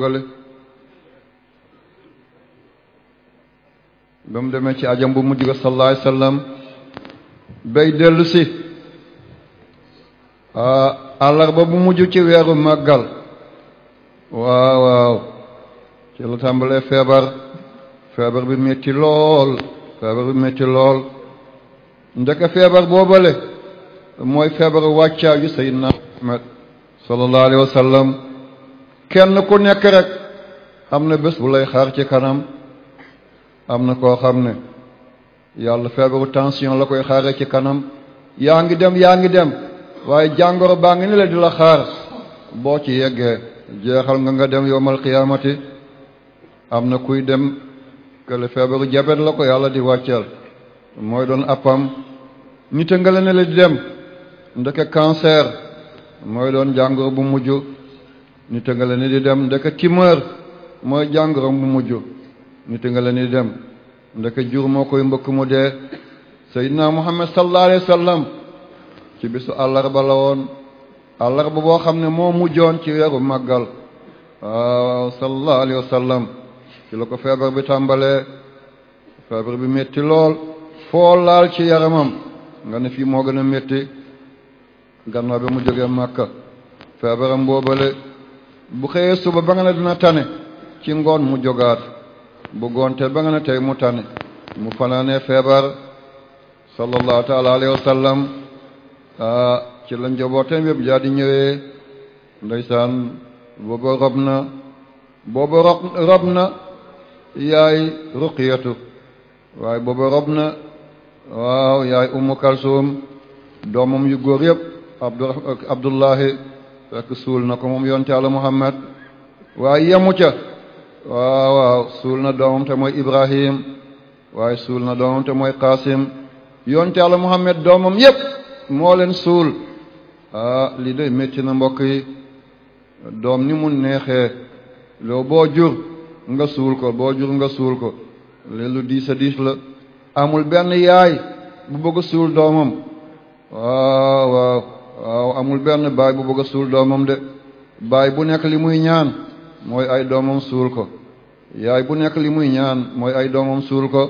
toogale ba mu demee ci ajam bu mujj ba sallallahu alayhi wasallam bay dellu si àllarba bu mujj ci weeru màggal waaw waaw ci la tàmbalee feebar feebar bi metti lool feebar bi metti lool ndeke feebar boobale mooy feebaru wàccaa yu sayyidina Muhammad sallallahu alayhi wasallam kenn ku nekk rek am na bés bu lay xaar ci kanam am na koo xam ne yàlla feebaru tension la koy xaaree ci kanam yaa ngi dem yaa ngi dem waaye jàngoro baa ngi ne la di la xaar boo ci yeggee jeexal nga nga dem yowmal xiyaamati am na kuy dem kële feebaru jabet la ko yàlla di wàcceel mooy doon appam nite nga la la di dem ndeke cancer mooy doon jàngoro bu mujj nit a ni di dem ndeka tumeur mooy jàngoro mu mujj nit a ni dem ndeka jur moo koy mbëkk mu dee Seydina Muhammad sallallahu alayhi wa sallam ci bisu àllarba la woon àllarba boo xam ne moo mujjoon ci weeru màggal waaw sallallahu alayhi wa ci la ko feebar bi tàmbalee feebar bi metti lool foo laal ci yaramam nga ne fii moo gën a métti gannaaw bi mu jógee Màkka feebaram bu xëyee suba ba nga ne tane ci ngoon mu jogaat bu goonte ba nga ne tey mu tane mu fanaane feebar sallallahu taala alayhi wa sallam ah, ci la njabootam yëpp jaa di ñëwee ndeysaan booba rob na booba rob na yaay ruqiyatu waaye booba rob waaw yaay ummu kalsum doomam yu góor yëpp abdullahi fekk suul na ko moom yoon ci àlla muhammad waay yemu ca waaw suul na doomam te mooy ibrahim waaye suul na doomam te mooy qasim yoon ci àlla muhammad doomam yépp moo leen suul ah li day métti na mbokk yi doom ni mu neexee loo boo jur nga suul ko boo jur nga suul ko léegi lu diis diis la amul benn yaay bu bëgg suul doomam waaw waaw waaw amul benn baay bu bëgg suul doomam de baay bu nekk li muy ñaan mooy ay doomam suul ko yaay bu nekk li muy ñaan mooy ay doomam suul ko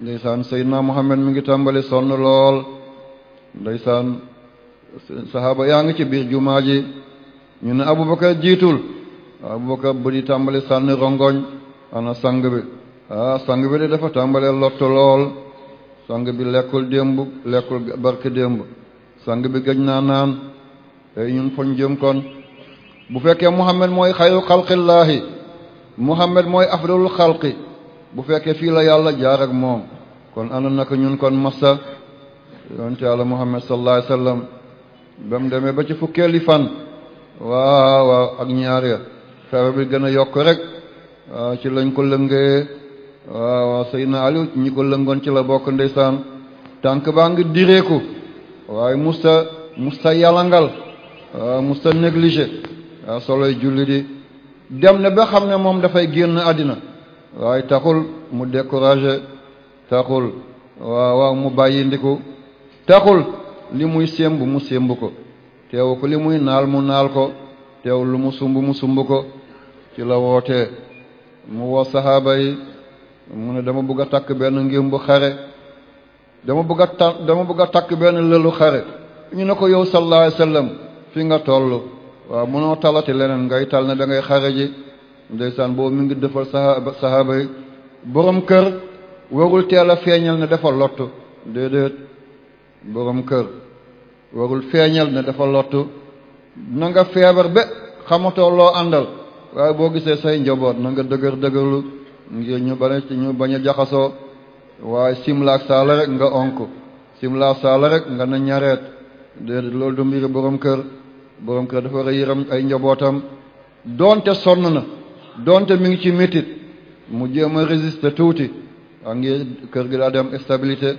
ndeysaan Seydina Muhammad mi ngi tàmbali sonn lool ndeysaan sahaaba yaa ngi ci biir jumaa ji ñu ne Abubakar jiitul Abubakar bu di tàmbali sànni rongoñ ana sang bi ah sang bi de dafa tàmbalee lott lool sang bi lekkul démb lekkul barke démb sang bi gëj naa naan tey ñun foñ jëm kon bu fekkee muhammad mooy xayru xalqillaahi muhammad mooy afdalul xalqi bu fekkee fii la yàlla jaar ak moom kon ana naka ñun kon massa yonte yàlla muhammad sallallahu alayhi wasallam demee ba ci fukkeeli fan waaw waaw ak ñaar ya feebar bi gën a yokk rek waaw ci lañ ko lëngee waaw waaw Seydina Aliou ñi ko lëngoon ci la bokk ndeysaan tànk baa ngi direeku waaye musta musta yalangal musta négligé waaw soloy julli di dem na ba xam ne moom dafay génn àddina waaye taxul mu découragé taxul waaw waaw mu bàyyi ndiku taxul li muy sémb mu sémb ko teew ko li muy naal mu naal ko teew lu mu sumb mu sumb ko ci la wootee mu woo saxaaba mu ne dama bëgg a takk benn ngir bu dama bëgg a ta dama bëgg a takk benn lëlu xare ñu ne ko yow sallallahu alayhi fii fi nga toll waaw mënoo talati leneen ngay tal ne da ngay xare ji ndeysaan boobu mi ngi defal sahaaba sahaaba yi borom kër warul teel a feeñal ne dafa lottu déedéet borom kër warul feeñal ne dafa lottu na nga feebar ba xamatoo loo àndal waaye boo gisee say njaboot na nga dëgër dëgërlu ñu bañ a ñu bañ jaxasoo waaye simlaak saala rek nga onk simlaak saala rek nga na ñareet déedéet loolu du mbiri borom kër borom kër dafa war a ay njabootam doonte sonn na doonte mi ngi ci métit mu jéem a résister tuuti a ngi kër gi daa dem stabilité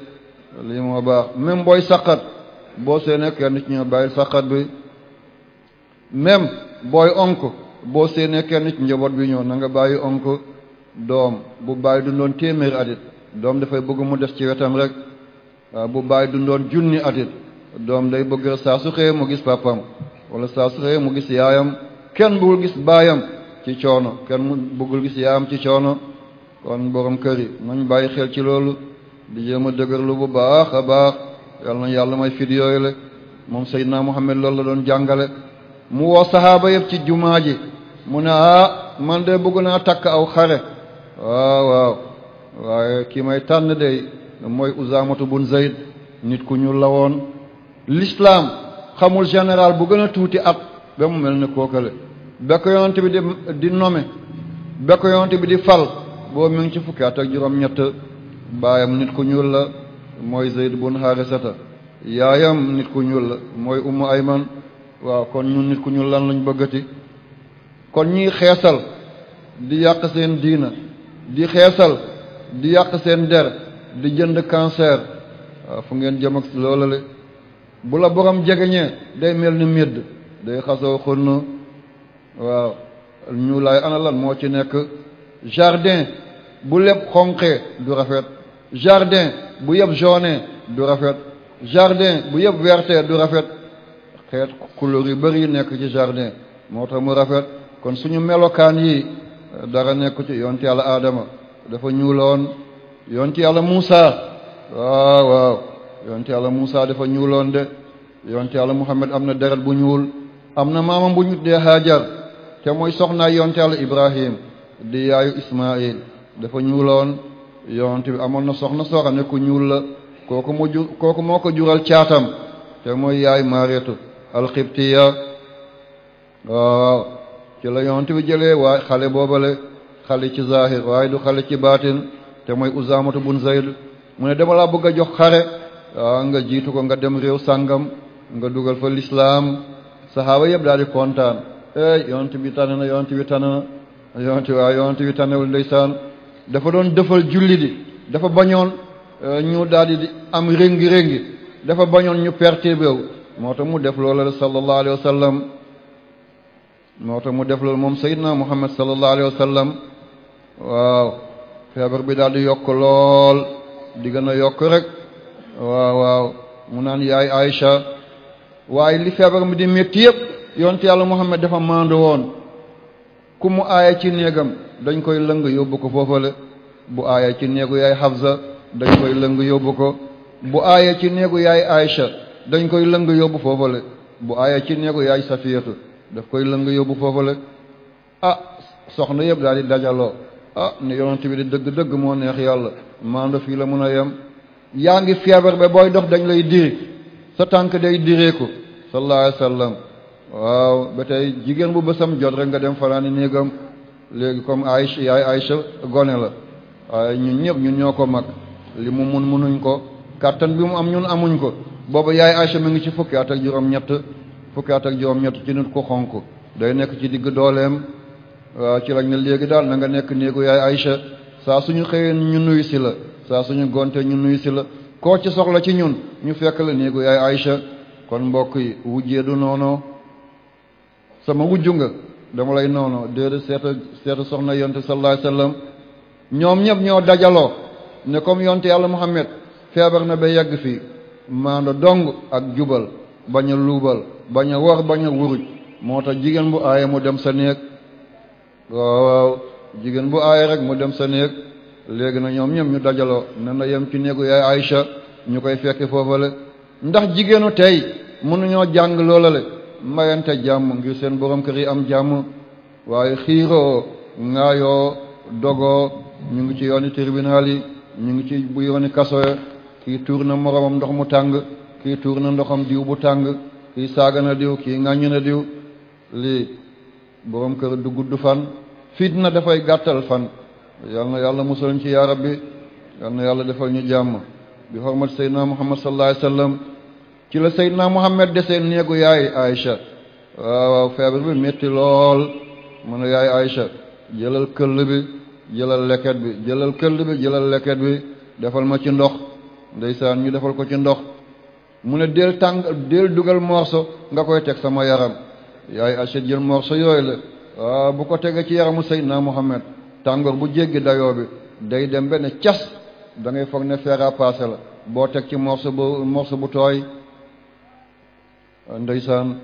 lii moo baax même booy saqat boo seenee kenn ci ñoo saqat bi même booy onk boo seenee kenn ci njaboot bi ñëw na nga bàyyi onk doom bu bàyyi du doon téeméer adit doom dafay bëgg mu def ci wetam rek bu bàyyi dundoon junni atit doom day bëgg saa su xëyee mu gis papam wala saa xëyee mu gis yaayam kenn bëggul gis baayam ci coono kenn mu bëggul gis yaayam ci coono kon borom kër yi nañ bàyyi xel ci loolu di jéem a dëgërlu bu baax a baax yal na yàlla may fit yooyu le moom Seydina Muhammad loolu la doon jàngale mu woo sahaaba yëpp ci jumaa ji mu ne ah man de bëgg naa takk aw xare waaw waaw waaye ki may tànn day mooy usaamatu bun zayd nit ku ñuul la woon lislaam xamul général bu gën a tuuti at ba mu mel ni kookale ba ko yonent bi di di nome ba ko bi di fal boo mu ci fukki at ak juróom ñett baayam nit ku ñuul la mooy zayd bun haarisata yaayam nit ku ñuul la mooy ummu ayman waaw kon ñun nit ku ñuul lan lañ bëggati kon ñiy xeesal di yàq seen diina di xeesal di yàq seen der di jënd cancer waaw fu ngeen jëm ak loola le bu la borom jegeñee day mel ni médd day xasoo xonn waaw ñu laay moo ci nekk jardin bu lépp xonqee du rafet jardin bu yëpp jaune du rafet jardin bu yëpp verte du rafet xeet couleur yi bëri nekk ci jardin moo tax mu rafet kon suñu melokaan yi dara nekku ci yonte yàlla aadama dafa ñuuloon yonti yàlla Muusa waaw waaw yonti yàlla Muusa dafa ñuuloon de yonti yàlla Muhammad am na deret bu ñuul am na maamam bu ñu dee Hajar te mooy soxnaay yonti yàlla Ibrahim di yaayu Ismail dafa ñuuloon yonti bi amoon na soxna soo xam ne ku ñuul la kooku moo jur moo jural caatam te mooy yaay Maretu alxibtiya waaw ci la yonti bi jëlee waa xale boobale xale ci zahir waaye du xale ci baatin te mooy usaamatu bun zayd mu ne dama laa a jox xare waaw ah, nga jiitu ko nga dem réew sàngam nga dugal fa lislaam saxaaba yëpp daal di kontaan ey eh, yonent bi tànn na yonent bi tànn na dafa doon defal julli di dafa bañoon eh, ñu daal di am réngi-réngi dafa bañoon ñu perte béew moo tax mu def loola la sallallahu alayhi wa moo tax mu def loolu moom sayyidna muhammad sallallahu alayhi wa sallam waaw feebar bi daal di yokk lool di gën a yokk rek waaw waaw mu naan yaay Aïcha waaye li feebar mi di métti yëpp yonte yàlla Muhammad dafa maandu woon ku mu aaya ci néegam dañ koy lëng yóbbu ko foofale bu aaya ci néegu yaay Hafsa dañ koy lëng yóbbu ko bu aaya ci néegu yaay Aïcha dañ koy lëng yóbbu foofale bu aaya ci néegu yaay Safiyatu daf koy lëng yóbbu foofale ah soxna yëpp daal di dajaloo ah ne yonent bi de dëgg-dëgg moo neex yàlla maanda fii la mun a yem yaa ngi feebar be booy dox dañ lay diri sa tànk day diree ko sallallahu alayhi wasallam waaw ba tey jigéen bu bësam jot rek nga dem fanaani néegam léegi comme Aïcha yaay Aïcha gone la waaye ñun ñëpp ñun ñoo ko mag li mu mun munuñ ko kàttan bi mu am ñun amuñ ko booba yaay Aïcha mu ngi ci fukki at ak juróom-ñett fukki at ak juróom-ñett ci nit ku xonk day nekk ci digg dooleem waaw ci lañ ne léegi daal na nga nekk néegu yaay Aïcha saa suñu xëyee ñu nuyu si la saa suñu gonte ñu nuyu si la koo ci soxla ci ñun ñu fekk la néegu yaay Aïcha kon mbokk yi wujjee du noono sama wujju nga dama lay noono déedéet seeta seeta soxna yonte sallallahu alayhi wasallam ñoom ñëpp ñoo dajaloo ne comme yonte yàlla Muhammad feebar na ba yegg fii maando dong ak jubal bañ luubal bañ a war bañ wuruj moo tax jigéen bu aaye mu dem sa néeg waaw jigéen bu aay rek mu dem sa néeg léegi na ñoom ñoom ñu dajaloo ne na yem ci néegu yaay Aïcha ñu koy fekki foofale ndax jigéenu tey mënuñoo jàng loolale mayante jàmm ngir seen borom kër yi am jàmm waaye xiiroo ŋaayoo dogoo ñu ngi ci yooni tribunal yi ñu ngi ci bu yooni kaso kii tuur na moromam ndox mu tàng kii tuur na ndoxam diw bu tàng kii saaga na diw kii ŋàññ na diw lii borom kër du gudd fan fitna dafay gàttal fan yal na yàlla musal ci yarab bi yal na yàlla defal ñu jàmm bi xormat seydina muhammad sallallahu alayhi wasallam ci la seydina muhammad desee néegu yaay aïcha waaw waaw feebar bi métti lool mu ne yaay aïcha jëlal këll bi jëlal leket bi jëlal këll bi jëlal leket bi defal ma ci ndox ndeysaan ñu defal ko ci ndox mu ne del tàng del dugal morso nga koy teg sama yaram yaay achet jël morso yooyu la waaw ah, bu ko tegee ci yaramu na Muhammad tàngoor bu jéggi dayoo bi day dem benn cas da ngay foog ne fer à la boo teg ci morso bu morso bu tooy ndeysaan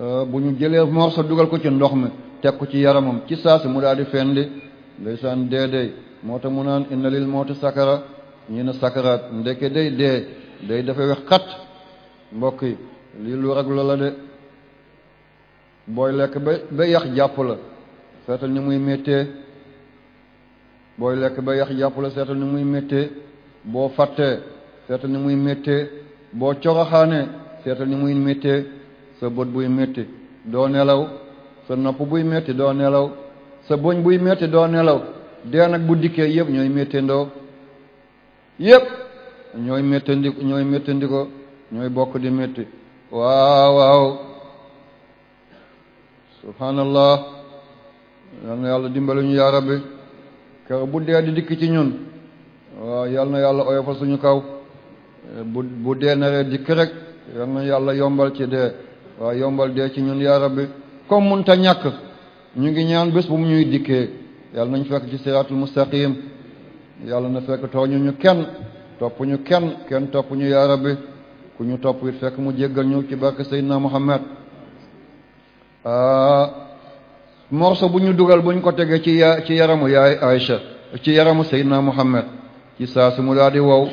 ah, bu ñu jëlee morso dugal ko ci ndox mi teg ko ci yaramam ci saa si mu daal di fendi ndeysaan dee dee moo tax mu naan inna lil mawti sakara ñi ne sakaraat ndeke day dee day dafa wex xat mbokk yi lii lu raglu la de booy lekk ba ba yax jàpp la seetal nu muy méttee booy lekk ba yax jàpp seetal ni muy méttee boo fàttee seetal ni muy méttee boo coraxaanee seetal ni muy méttee sa bët buy metti doo nelaw sa nopp buy métti doo nelaw sa boñ buy métti doo nelaw dee nag bu dikkee yëpp ñooy méttee ndoo yëpp ñooy méttee ndi ñooy méttee ñooy bokk di métti waaw waaw subhanallah yal na yàlla dimbali ñu yaa rabbi bu dee di dikk ci ñun waaw yal na yàlla oyofal suñu kaw bu bu dee naree dikk rek yal na yàlla yombal ci dee waaw yombal dee ci ñun yaa rabbi mun ta ñàkk ñu ngi ñaan bés bu mu ñuy dikkee yàlla nañ fekk ci siraatul mustaqim yàlla na fekk tooñu ñu kenn topp ñu kenn kenn topp ñu yaa ku ñu topp it fekk mu jéggal ñu ci barke Seydina Muhammad Euh, morso bu ñu dugal bu ñu ko tegee ci ya ci yaramu yaay Aïcha ci yaramu Seydina Muhammad ci saa si mu daal di wow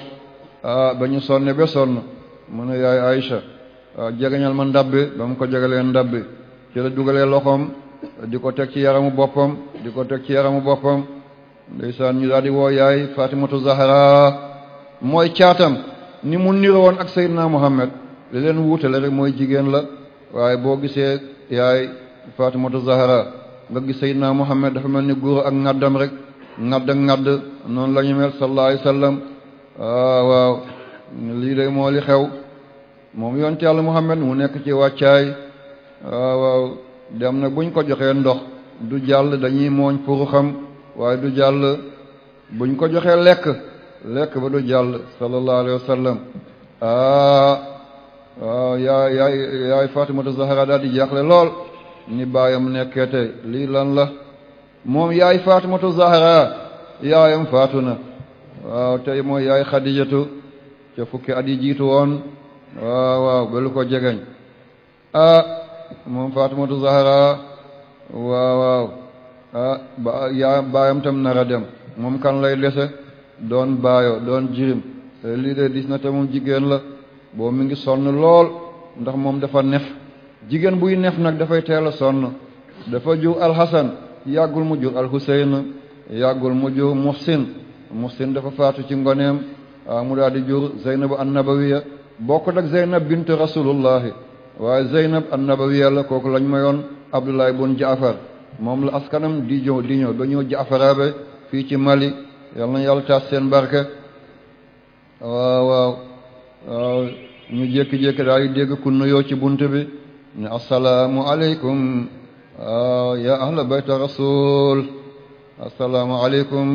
euh, ba ñu sonne ba sonn mu ne yaay Aïcha euh, jegeñal ma ndab bi ba mu ko jegalee ndab bi ci la dugalee loxoom di ko teg ci yaramu boppam di ko teg ci yaramu boppam ndeysaan ñu daal di woo yaay Fatimatu Zahra mooy caatam ni mu niroo woon ak Seydina Muhammad li leen wuutale rek mooy jigéen la waaye boo gisee yaay Fatimatu Zahra nga gis Seydina Muhammad dafa mel ni góor ak ŋaddam rek ŋadd ŋadd noonu la ñu mel sallallahu alayhi wasallam ah, waaw lii de moo xew moom yonte yàlla Muhammad mu nekk ci wàccaay ah, waaw dem na buñ ko joxe ndox du jàll dañuy mooñ pour xam waaye du jàll buñ ko joxe lekk lekk ba du jàll sallallahu alayhi wasallam ah. waaw yaay yaay yaay Fatimatu Zahra jaaxle lool ni baayam nekkee tey lii lan la moom yaay faatumatu Zahra yaayam faatu na waaw tey mooy yaay Xadijatu ca fukki at yi jiitu woon waaw waaw ba lu ko ah, moom Fatimatu Zahra waaw waaw ah baayam tam nar moom kan lay dese doon baayo doon jirim eh, lii de dis na la boobu mi ngi sonn lool ndax moom dafa nef jigéen buy nef nag dafay teel a sonn dafa jur alxasan yàggul mu jur alxuseyn yàggul mu jur muhsin muhsin dafa faatu ci ngoneem ah, mu daal di jur zeynabu annabawiya bokkut ak zeynab bint rasulullahi waaye zeynab annabawiya la kooku lañ mayoon abdullahi bun jaafar moom la askanam di jow di ñëw ba ñëw jaafaraabe fii ci mali yal na yàlla taas seen barke waaw waaw ñu jékki-jékki daal di dégg ku nuyoo ci bunt bi ne assalaamu aleykum waaw ya ahla bayt rasul assalaamu aleykum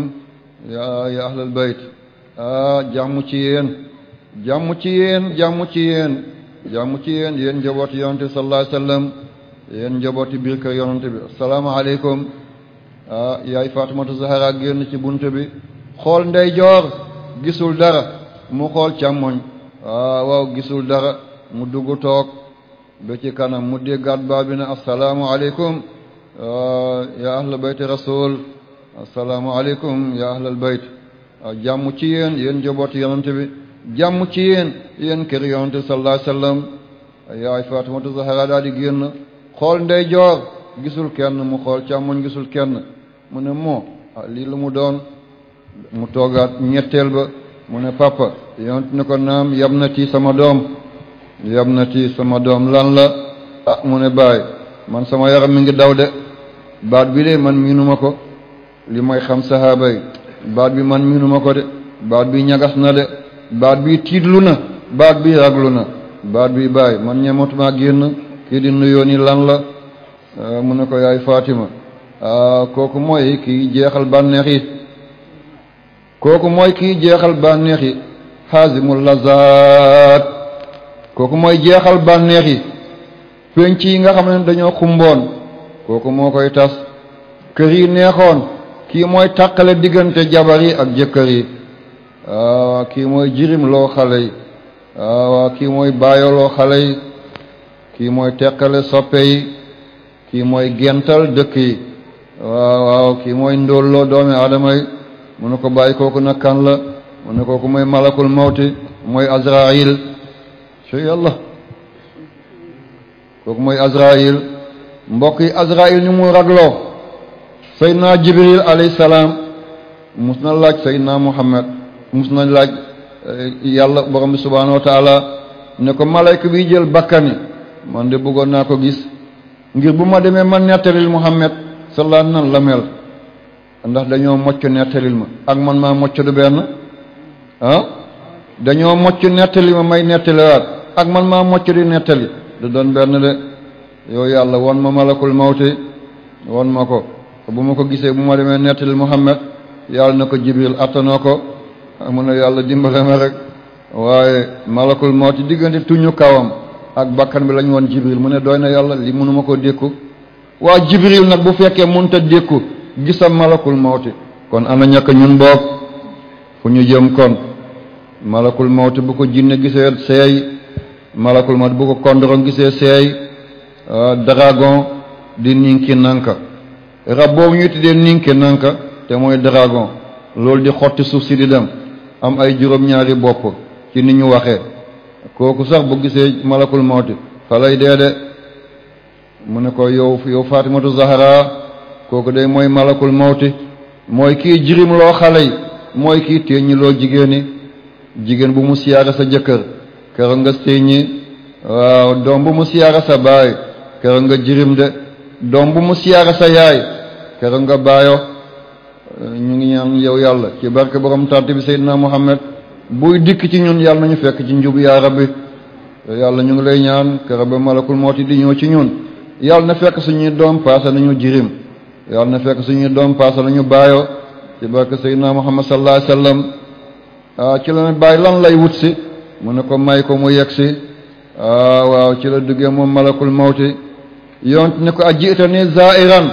ya ya ahlal bayt ah jàmm ci yéen jàmm ci yéen jàmm ci yéen jàmm ci yéen yéen njabooti yonante bi sallallahu alayhi wasallam yéen njabooti génn ci bunt bi xool ndeyjoor gisul dara mu xool càmmoñ waaw ah, waaw gisul dara mu dugg toog ba ci kanam mu déggaat baa bi ne assalaamu aleykum ah, yaa ahla bayti rasul assalaamu aleykum yaa ahlal bayt ah, jàmm ci yéen yéen njaboot yonent bi jàmm ci yéen yéen kër yonent bi sallallahu alayhi wasallam yaay Faatimatu Zahra génn xool ndey joor gisul kenn mu xool càmmoñ gisul kenn mu ne moo lii lu mu doon mu toogaat ñetteel ba mu ne papa yonent ne ko naam yab na ci sama doom yab na ci sama doom lan la ah, mu ne baay man sama yaram mi ngi daw de baat bi de man miinuma ko li may xam sahaaba yi baat bi man miinuma ko de baat bi ñagas na de baat bi tiitlu na baat bi raglu na baat bi baay man ñematuma génn kii di nuyoo ni lan la ah, mu ne ko yaay Fatima ah, kooku mooy kii jeexal bànneex yi kooku mooy kii jeexal bànneex yi xaasimul lazaat kooku mooy jeexal bànneex yi penc yi nga xam ne dañoo xumboon kooku moo koy tas kër yi neexoon kii mooy tàqale diggante jabar yi ak jëkkër yi kii mooy jirim loo xale yi kii mooy baayo loo xale yi kii mooy teqale soppe yi kii mooy gental dëkk yi waaw waaw kii mooy ndóolloo doomi aadama yi mu ne ko bàyyi kooku nag kan la mu ne kooku mooy malakul mawti mooy azrail ci yàlla kooku mooy azrail mbokk yi azrail ñu mu ragloo seydna jibril alayhi salaam mus na laaj seydna muhammad mus na laaj eh, yàlla borom bi wa taala ne ko malayka bi jël bakkani man de bëggoon naa ko gis ngir bu ma demee man nettalil muhammad sallallahu nan la mel ndax dañoo mocc nettalil ma ak man maa mocc du benn ah dañoo mocc nettali ma may nettaliwaat ak man ma mocc di nettali du doon benn de yow yàlla won ma malakul mawti won ma ko bu ma ko gisee bu ma demee nettali Muhammad yàlla na ko Jibril attanoo ko mu ne yàlla dimbale ma rek waaye malakul mawti diggante tuñu kawam ak bakkan bi lañ woon Jibril mu ne doy na yàlla li ma koo dékku waa Jibril nag bu fekkee mënta dékku gisam malakul mawti kon ana ñàkk ñun boog fu ñu jëm kon malakul mawti bu ko jinne gisee seey malakul mawti bu ko kondorong gisee seey dragon di ninki nanka rab boobu ñuy tuddee ninki nanka te mooy dragon loolu di xotti suuf si di dem am ay juróom-ñaari bopp ci ni ñu waxee kooku sax bu gisee malakul mawti fa lay dee mu ne ko yow yow Fatimatu Zahra kooku day mooy malakul mawti mooy kii jirim loo xale yi mooy kii téeñi loo jigéeni jigéen bu mu siyaara sa jëkkër kero nga séññi waaw doom bu mu siyaara sa baay kero nga jirim de doom bu mu siyaara sa yaay kero nga baayo ñu ngi ñaan yow yàlla ci barke borom tant bi Seydina Muhammad buy dikk ci ñun yàlla na ñu fekk ci njub yaa rabbi yàlla ñu ngi lay ñaan kër ba malakul mooti di ñëw ci ñun yàlla na fekk suñuy doom paase nañu jirim yal na fekk suñu doom paasa la ñu bàyyoo ci barke Seydina Muhammad sallallahu alayhi wasallam ah ci la bàyyi lan lay wut si mu ne ko may ko mu yegg si ah waaw ci la duggee moom malakul mawti yont ne ko a jiita zairan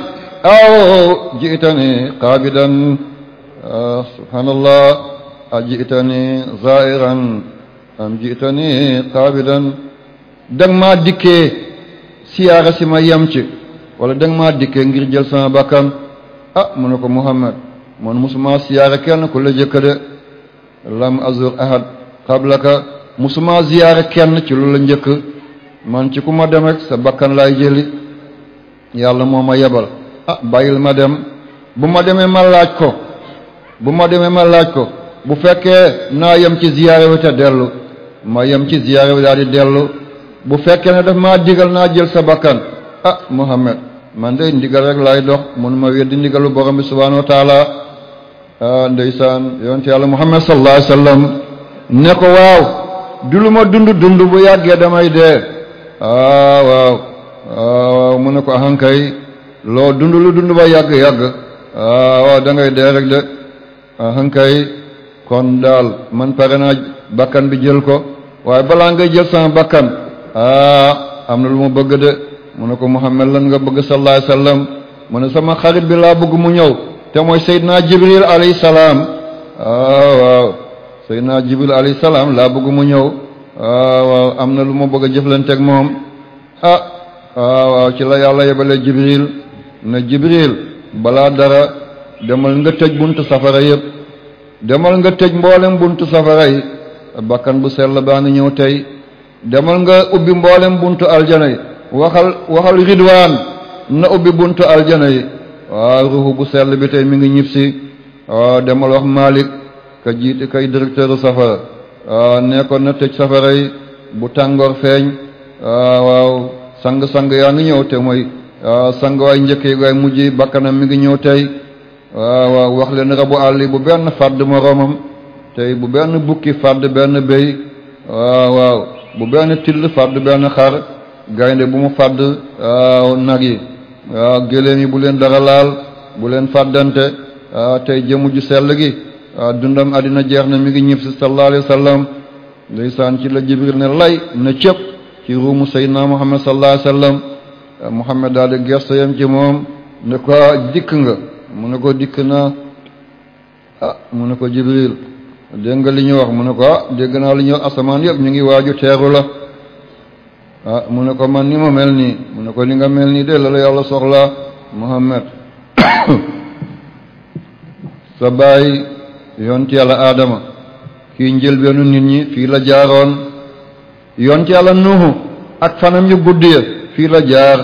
aw jiita ni qaabidan ah, subhanallah dikkee siyaara si ma yem wala da nga maa dikkee ngir jël sama bakkan a ah, mu ne ko Muhammad man musuma siyaare kenn ku la jëkk de lam azur ahad qablaka musuma ziyaare kenn ci lu la njëkk man ci ku ma dem rek sa bakkan laay jëli yàlla moo ma yebal ah bàyyil ma dem bu ma demee ma laaj ko bu ma demee ma laaj ko bu fekkee naa yem ci ziyaare wi te dellu ma yem ci ziyaare wi daal dellu bu fekkee ne daf maa digal naa jël sa bakkan ah Muhammad man de ndigal rek laay dox mënuma weddi ndigalu borom bi subhaanahu wa taala ah ndeysaan yonent yàlla Muhammad sallallahu alayhi wa sallam ne ko waaw du lu ma dund dund bu yàggee damay dee ah waaw ah waaw mu ne ko loo dund lu dund ba yàgg yàgg ah waaw da dee rek de ahankay kon daal man pare naa bakkan bi jël ko waaye balaa ngay jël sama bakkan ah am na lu ma bëgg de. mu ne ko Muhammad lan nga bëgg sallallahu alayhi wasallam mu ne sama xarit bi laa bëgg mu ñëw te mooy Seydina Jibril alayhi salaam waaw waaw Seydina Jibril alayhi salaam laa bëgg mu ñëw waaw am na lu ma bëgg a jëflanteeg moom a ah, waaw ci la yàlla yebale Jibril na Jibril balaa dara demal nga tëj buntu safara yëpp demal nga tëj mboolem buntu safara yi bakkan bu la baa ngi ñëw tey demal nga ubbi mboolem buntu aljana yi waxal waxal ridwaan na ubbi buntu aljana yi waaw ruuxu bu sell bi tey mi ngi ñib si waaw demal wax Malik ka jiite kay directeur safara waaw nekkoon na tëj safara yi bu tàngoor feeñ waaw sang-sang yaa ngi ñëw te mooy sang waay njëkk yi mujj bakkanam mi ngi ñëw tey waaw wax leen rabu àll bu benn fàdd moroomam tey bu benn bukki fàdd benn béy waaw bu benn till fàdd benn xar gaynde bu mu fàdd waaw ah, nag yi waaw ah, yi bu leen dara laal bu leen fàddante waaw ah, tey jëmu ju sell gi dundam àddina jeex na mi ngi ñib si sallallahu alayhi wa ci la jibril ne lay ne cëpp ci ruumu seydina muhammad sallallahu alayhi wa sallam muhammad daal di gerte yam ci moom ne ko dikk nga mu ne ko dikk na a mu ne ko jibril dégg nga li ñu wax mu ne ko ah dégg naa li ñu wax asamaan yëpp ñu ngi waaju teeru la a ah, mu ne ko man ni ma mel nii mu ne ko ni nga mel nii de la la yàlla soxla Muhammad sa baay yonent adama aadama kii njëlbeenu nit ñi fii la jaaroon yonent yàlla nuuhu ak fanam yu gudd fii la jaar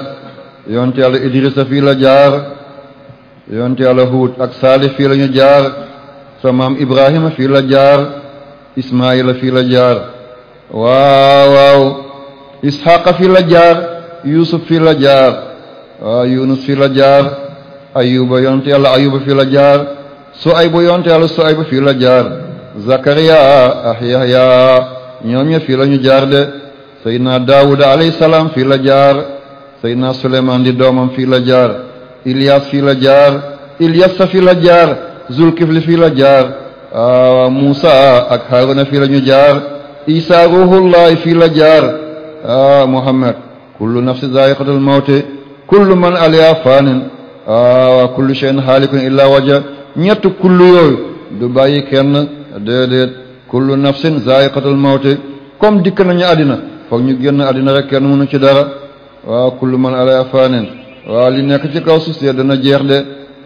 yonent yàlla idrisa fii la jaar yonent yàlla huut ak saalih fii la ñu jaar sa maam ibrahima fii la jaar ismaila fii la jaar waaw isxaqa fi la jaar yusuf fi la jaar waaw yunus fi la jaar ayuba yonte yàlla ayuba fi la jaar suaybu yonte yàlla suaybu fi la jaar zakariya ah yahya ñoom ñe fii la ñu jaar de seydna daawuda alayhi salaam fii la jaar seydna suleymaan di doomam fii la jaar ilias fii la jaar ilyasa fii la jaar zulkifli fii la jaar muusa ak haruna fii la ñu jaar isa ruhullahi fii la jaar ah Muhammad kullu nafsin zaa'iqatul mawti kullu man alayha faanin ah kullu shay'in haalikun illaa wajha ñett kullu yooyu du bàyyi kenn déedéet kullu nafsin zaa'iqatul mawti comme dikk nañu àddina foog ñu génn àddina rek kenn mënu ci dara waaw ah, kullu man alayha faanin waaw ah, li nekk ci kaw suuf see dana jeex de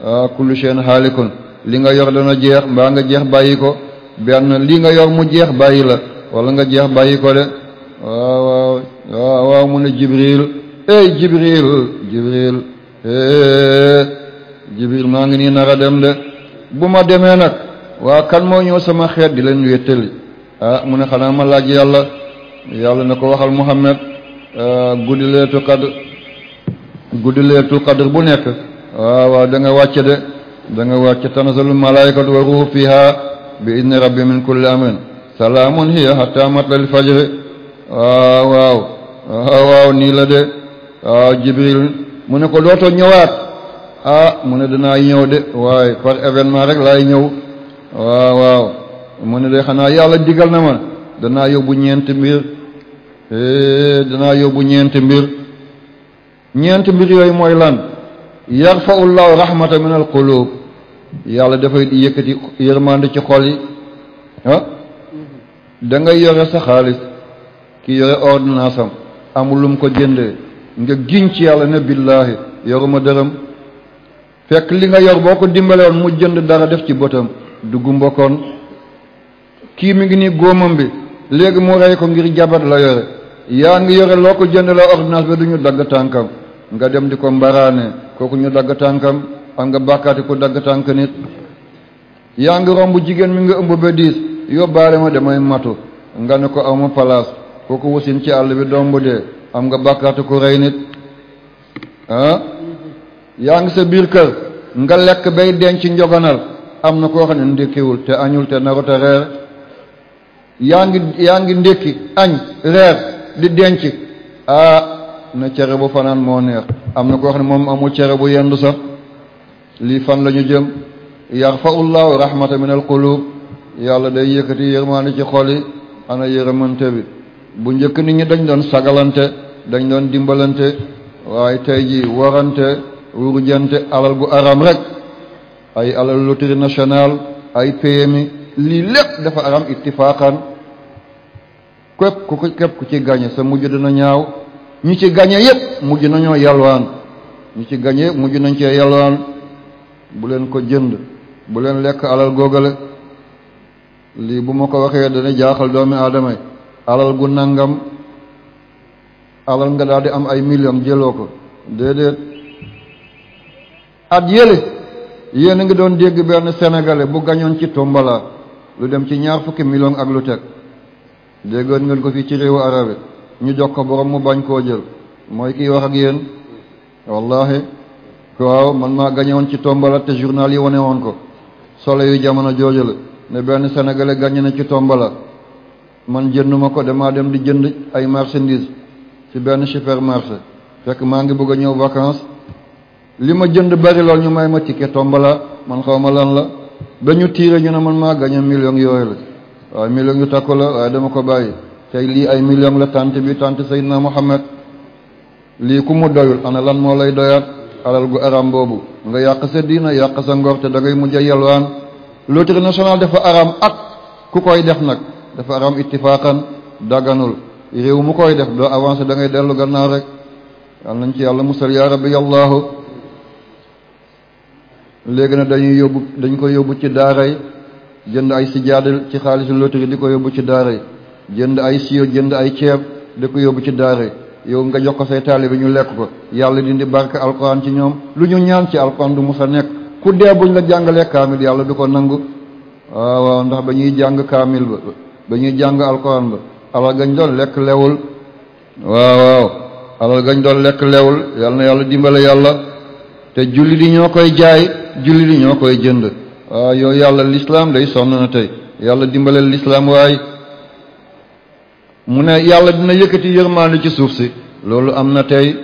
waaw ah, kullu shay'in haalikun li nga yor dana jeex mbaa nga jeex bàyyi ko benn li nga yor mu jeex bàyyi la wala nga jeex bàyyi ko de waaw waaw mu ne jibril ey eh, jibril jibril eh, jibril maa ngi nii nar a dem de bu ma demee nag waa kan moo ñëw sama xeet di leen wéttali ah mu ne xanaa ma laaj yàlla yàlla na ko waxal muhammad ah, guddi leetu qadr guddi leetu qadr bu nekk waaw ah, waaw da nga de danga nga wàcce tanazalu malaikatu wa ruhu fiha bi idni rabbi min kulli amrin salaamun hiya hatta matlal fajri waaw waaw ah, waaw nii la de waaw ah, jibril mu ne ko dootoo ñëwaat ah mu ne danaa ñëw de waaye par événement rek laay ñëw waaw waaw mu ne de xanaa yàlla digal na ma danaa yóbbu ñeenti mbir eh, danaa yóbbu ñeenti mbir ñeenti mbir yooyu mooy lan yarfau llahu rahmata min al qulub yàlla dafay yëkkati yërmande ci xol yi ah mm-hmm. da ngay yore sa xaalis ki yore ordonnance am amul lum ko jëndee nga giñ ci yàlla ne billaahi yoruma dërëm fekk li nga yor boo ko dimbalewoon mu jënd dara def ci bëtam du gumba kon kii mi ngi ni góomam bi léegi mu rey ko ngir jabat la yore yaa ngi yore loo ko jënd la ordonnance du ñu dagg nga dem di ko mbaraane kooku ñu dagg tànkam am nga bàkkaati ku dagg tànk yaa ngi romb jigéen mi nga ëmb ba diis yóbbaale ma damay matu nga ne ko aw ma kooku wasin ci àll bi domb de am nga bàkkaatu ku rey nit ah yaa ngi sa biir kër nga lekk bay denc njoganal am na koo xam ne te añul te narut a reer yaa ngi yaa ngi ndékki añ reer di denc ah na cere bu fanaan moo neex am na koo xam ne moom amul cere bu yendu sax lii fan la ñu jëm yarfau llahu rahmata min al qulub yàlla day yëkkati yërmaande ci xol yi ana yërëmante bi bu njëkk nit ñi dañ doon sagalante dañ doon dimbalante waaye tey ji warante wurujante alal gu aram rek ay alal loterie nationale ay PMI lii lépp dafa aram ittifaqan képp ku ko ku ci gañe sa mujj dina ñaaw ñu ci gañe yépp mujj nañoo yalwaan ñi ci gañe yépp mujj nañ cee yalwaan bu leen ko jënd bu leen lekk alal googale lii bu ma ko waxee dana jaaxal doomi aadama alal gu nangam alal nga daal di am ay million jëloo ko déedéet at yële yéen a ngi doon dégg benn sénégalais bu gañoon ci tombala lu dem ci ñaar fukki million ak lu teg déggoon ngeen ko fii ci réewu arabe ñu jox ko borom mu bañ koo jël mooy kii wax ak yéen wallahi waaw man maa gañoon ci tombala te journal yi wane woon ko solo yu jamono jooju la ne benn sénégalais gañe na ci tombala man jënduma ko damaa dem di jënd ay marchandise ci benn supermarché fekk maa ngi bëgg a ñëw vacances li ma jënd bari lool ñu may ma ticket tombala man xaw ma lan la ba ñu tiire ñu ne man maa gañe million yooyu la waaye million yu takku la waaye dama ko bàyyi tey lii ay million la tante bi tante Seydina Muhammad lii ku mu doyul ana lan moo lay doyaat alal gu aram boobu nga yàq sa diina yàq sa ngorte te da ngay mujj a yelwaan loterie nationale dafa aram ak ku koy def nag dafa aram dagganul daganul réew mu koy def doo avancé da ngay dellu gannaaw rek yàlla nañ ci yàlla musal yaa rabbi yallaahu léegi na dañuy yóbbu dañ koy yóbbu ci daara jënd ay sijaada ci xaalisu loterie di ko yóbbu ci daara jënd ay siyo jënd ay ceeb di yóbbu ci daara yi yow nga jox ko say taalibe ñu lekk ko yàlla dindi barke alquran ci ñoom lu ñu ñaan ci alquran du musa nekk ku dee buñ la jàngalee kaamil yàlla du ko nangu waaw waaw ndax ba ñuy jàng kaamil ba ba ñuy jàng alxuraan ba alal gañ doon lekk lewul yal na yàlla dimbale yàlla te julli di ñoo koy jaay julli di ñoo koy jënd waaw yow yàlla lislaam day sonn na tey yàlla dimbale lislaam waay mu ne yàlla dina yëkkati yërmaande ci suuf si loolu am na tey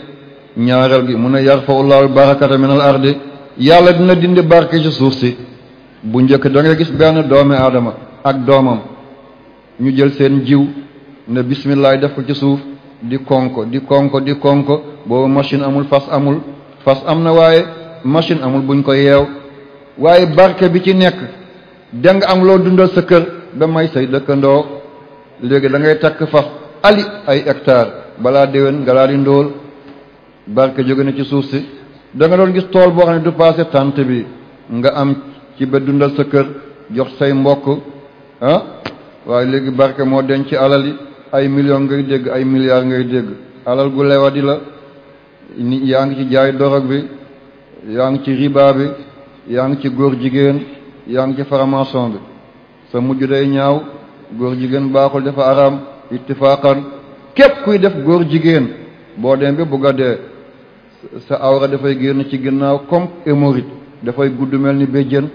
ñaareel gi mu ne yarfa'ullaahu barakata min al ardi yàlla dina dindi barke ci suuf si bu njëkk da gis benn doomi aadama ak doomam ñu jël seen jiw ne bismillah def ko ci suuf di konk di konk di konk boobu machine amul fas amul fas am na waaye machine amul buñ ko yeew waaye barke bi ci nekk da am loo dundal sa kër ba may say dëkkandoo léegi da ngay takk fas ali ay hectare balaa déwén nga laa di ndóol barke jóge na ci suuf si da nga doon gis tool boo xam ne du passé tante bi nga am ci ba dundal sa kër jox say mbokk ah waaye léegi barke moo denc ci alali ay million ngay dégg ay milliards ngay dégg alal gu lewadi la ni yaa ngi ci jaay dorog bi yaa ngi ci riba bi yaa ngi ci góor jigéen yaa ngi ci faramason bi sa mujj day ñaaw góor jigéen baaxul dafa araam ittifaqan képp kuy def góor jigéen boo dem bi bugg a dee sa awra dafay génn ci ginnaaw comme hémorroïde dafay gudd mel ni béjjén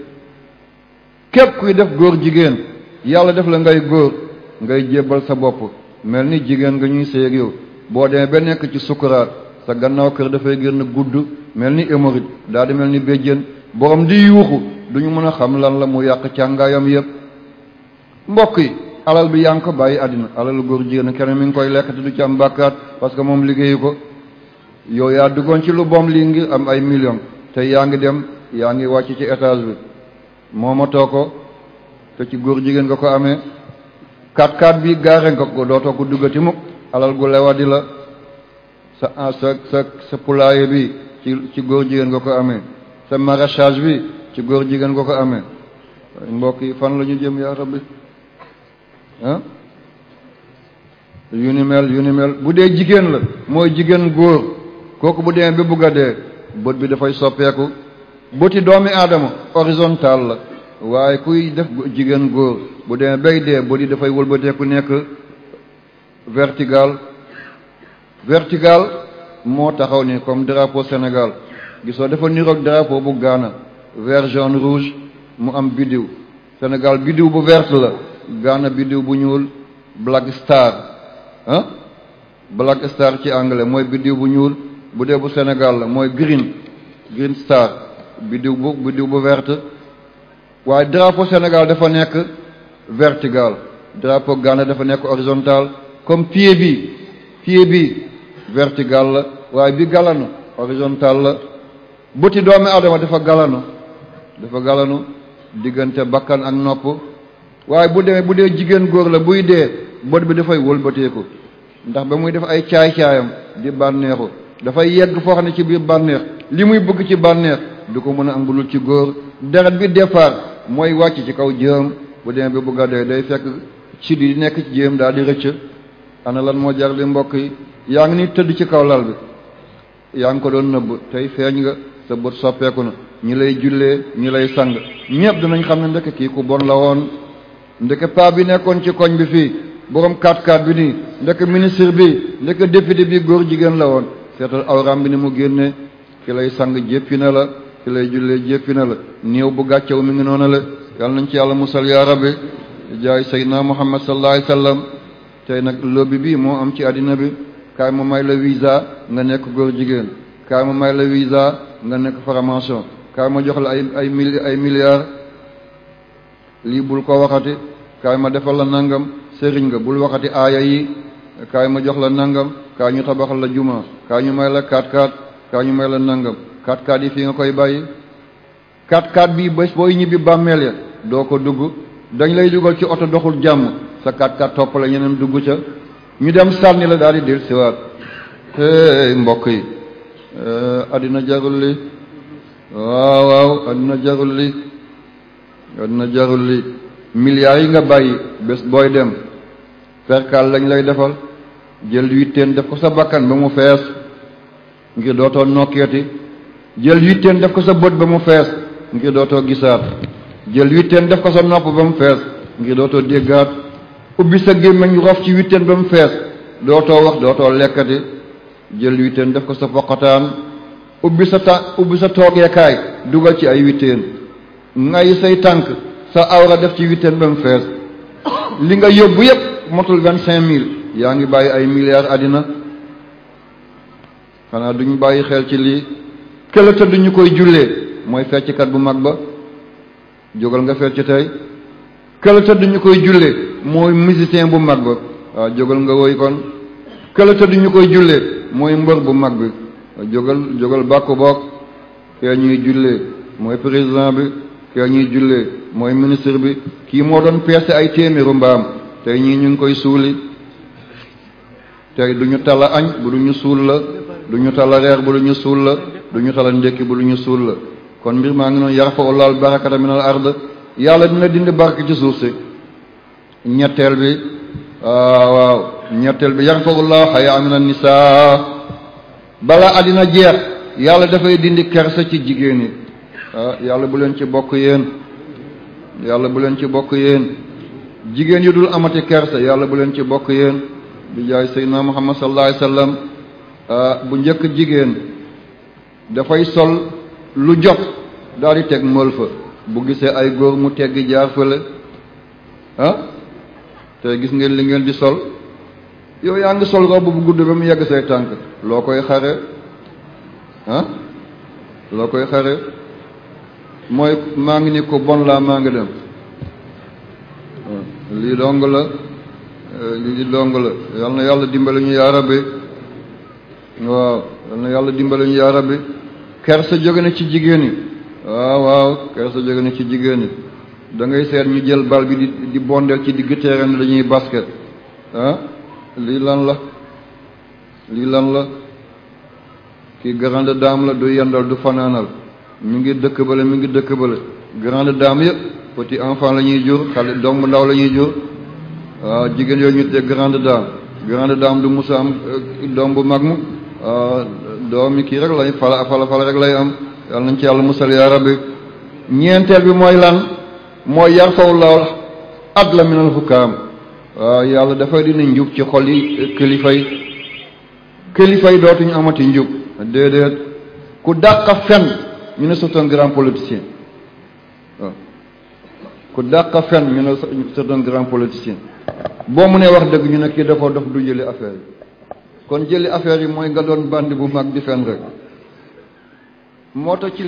képp kuy def góor jigéen yàlla def la ngay góor ngay jébbal sa bopp mel ni jigéen nga ñuy séeg yow boo demee ba nekk ci sukuraat sa gannaaw kër dafay gën gudd mel ni hémorroïde daa di mel ni béjjén borom di yuuxu du ñu mën a xam lan la mu yàq càngaayam yépp mbokk yi alal bi yaa ngi ko bàyyi àddina alalu góor jigéen keneen mi ngi koy lekk te du ci am bàkkaat parce que moom liggéeyu ko yow yaa duggoon ci lu bom lii ngir am ay million te yaa ngi dem yaa ngi wàcc ci étage bi moomatoo ko ci góor jigéen nga ko amee kat kat bi gaare nga ko dootoo ko duggati mukk alal gu lewadi la sa ah, sa sa sa poulailler bi ci ci góor jigéen nga ko amee sa maraîchage bi ci góor jigéen nga ko amee mbokk yi fan la ñu jëm yaa rabbi ah yu ni mel bu dee jigéen la mooy jigéen góor kooku bu demee bu bugg dee bët bi dafay soppeeku bëti doomi aadama horizontal la waaye kuy def jigéen góor bu demee bay dee body dafay wëlbateeku nekk vertical vertical moo taxaw ni comme drapeau Sénégal gisoo dafa niroog drapeau bu gaana vert jaune rouge mu am biddiw Sénégal biddiw bu wert la gaana biddiw bu ñuul black star ah black star ci anglais mooy biddiw bu ñuul bu dee bu Sénégal la mooy green green star biddiw bu biddiw bu verte waaye drapeau Sénégal dafa nekk vertical drapeau Ghana dafa nekk horizontal comme pied bi pied bi vertical la waaye bi galanu horizontal la bëti doomi aadama dafa galanu dafa galanu diggante bakkan ak nopp waaye bu demee bu dee jigéen góor la buy dee bët bi dafay wëlbateeku ndax ba muy def ay caay-caayam di bànneexu dafay yegg foo xam ne ci biir bànneex li muy bëgg ci bànneex du ko mën a am ci góor deret bi départ mooy wàcc ci kaw jëm bu demee bi bu gàddee day fekk ci di nekk ci jëm daal di rëcc ana lan moo jar li mbokk yi yaa ngi ni tëdd ci kaw lal bi yaa ngi ko doon nëbb tey feeñ nga sa bët soppeeku na ñi lay jullee ñi lay sang ñëpp dinañ xam ne ndeke kii ku bon la woon ndeke paa bi nekkoon ci koñ bi fii borom 4-4 bi nii ndeke ministre bi ndeke député bi góor jigéen la woon seetal awram bi ni mu génne ki lay sang jéppi na la ki lay jullee jéppi na la néew bu gàccew mi ngi noona la yàlla nañ ci yàlla musal yaa rabbi jaay sayyidina muhammad sallallahu alayhi wasallam tey nag lobbi bi moo am ci àddina bi kaay ma may la visa nga nekk góor jigéen kaay ma mayla la visa nga nekk franc-maçon kaay ma jox la ay ay mil ay milliards lii bul ko waxati kaay ma defal la nangam sëriñ nga bul waxati aaya yi kaay ma jox la nangam kaay ñu tabaxal la juma kaay ñu may la kaat kaat kaay ñu may la nangam kat-kat yi fii nga koy bàyyi kat-kat bi bés booy ñibbi bàmmeel ya doo ko dugg dañ lay dugal ci oto doxul jàmm sa kat-kat topp la ñeneen dugg ca ñu dem sànni la daal di dil siwaat mbokk yi addina eh, jarul li waaw waaw addina jarul li addina yi nga bàyyi bés booy dem ferkaal lañ lay defal jël witteen def ko sa bakkan ba mu fees ngir dootoo nokkeeti jël witteen def ko sa bët ba mu fees ngir dootoo gisaat jël witteen def ko sa nopp ba mu fees ngir dootoo déggaat ubbi sa gémmiñ rof ci witteen ba mu fees dootoo wax dootoo lekkati jël witteen def ko sa poqataan ubbi sa ta ubbi sa toogeekaay dugal ci ay witteen ngay say tànk sa awra def ci witteen ba mu fees li nga yóbbu yépp motul vingt cinq mille yaa ngi bàyyi ay milliards àddina xanaa duñ bàyyi xeel ci lii këla tëdd ñu koy jullee mooy fecckat bu mag ba jógal nga fecc tey këla tëdd ñu koy jullee mooy musicien bu mag ba waaw nga woy kon këla tëdd koy jullee mooy mbër bu mag bi jógal jógal bàkku bokk kee ñuy jullee mooy président bi kee ñuy jullee mooy ministre bi kii moo doon peese ay téeméeru mbaam tey ñii ñu koy suuli tey du ñu tala añ bu du ñu suul la du ñu tala reer bu du ñu suul la du ñu talal ndékki bu lu ñu suul la kon mbir maa ngi noonu yarfa'u llaahu al-barakata min al-ard yàlla dina dindi barke ci suuf si ñetteel bi ah, waaw ñetteel bi yarfa'u llaahu hayaa min an-nisaa balaa àddina jeex yàlla dafay dindi kersa ci jigéen ñi ah, yàlla bu leen ci bokk yéen yàlla bu leen ci bokk yéen jigéen yu dul amati kersa yàlla bu leen ci bokk yéen bi jaay seydina muhammad sallallahu alayhi wasallam ah, bu njëkk jigéen dafay sol lu jot dal di teg mël fa bu gisee ay góor mu teggi jaar fële ah te gis ngeen li ngeen di sol yow yaa ngi sol robb bu gudd ba mu yegg say tànk loo koy xare ah loo koy xare mooy maa ngi ni ko bon laa maa ngi dem ah, lii dong la eh, lii dong la yal na yàlla dimbali ñu yaa rabbi waaw yal na yàlla dimbali ñu yaa rabbi kersa jóge na ci jigéen ñi waaw waaw kersa jóge na ci jigéen ñi dangay ngay seet ñu jël bal bi di bondeel ci digg terrain bi dañuy basket ah, li lan la lii lan la ki grande dame la du yendal du fanaanal mu ngi dëkk bale mi ngi dëkk bale grande dame yëpp petit enfant la ñuy jur xale doom bu ndaw la ñuy jur waaw ah, jigéen yooyu ñu te grande dame grande dame du musa am euh, doom bu mag mu Euh, doomi kii rek lay fala fala fala rek lay am yàlla nañ ci yàlla musal ya rabbi ñeenteel bi mooy lan mooy yar la lawal ad la minal hukkaam waaw yàlla dafay dina njub ci xol yi kilifa yi kilifa yi dootuñu amati njub déedéet ku dàqa fen ñu ne c'est un grand politicien waaw ku dàqa fen ñu ne c'est un grand politicien boo mu ne wax dëgg ñu ne kii dafa dof du jëli affaire yi kon jëli affaire yi mooy nga doon bandi bu mag di fen rek moo tax ci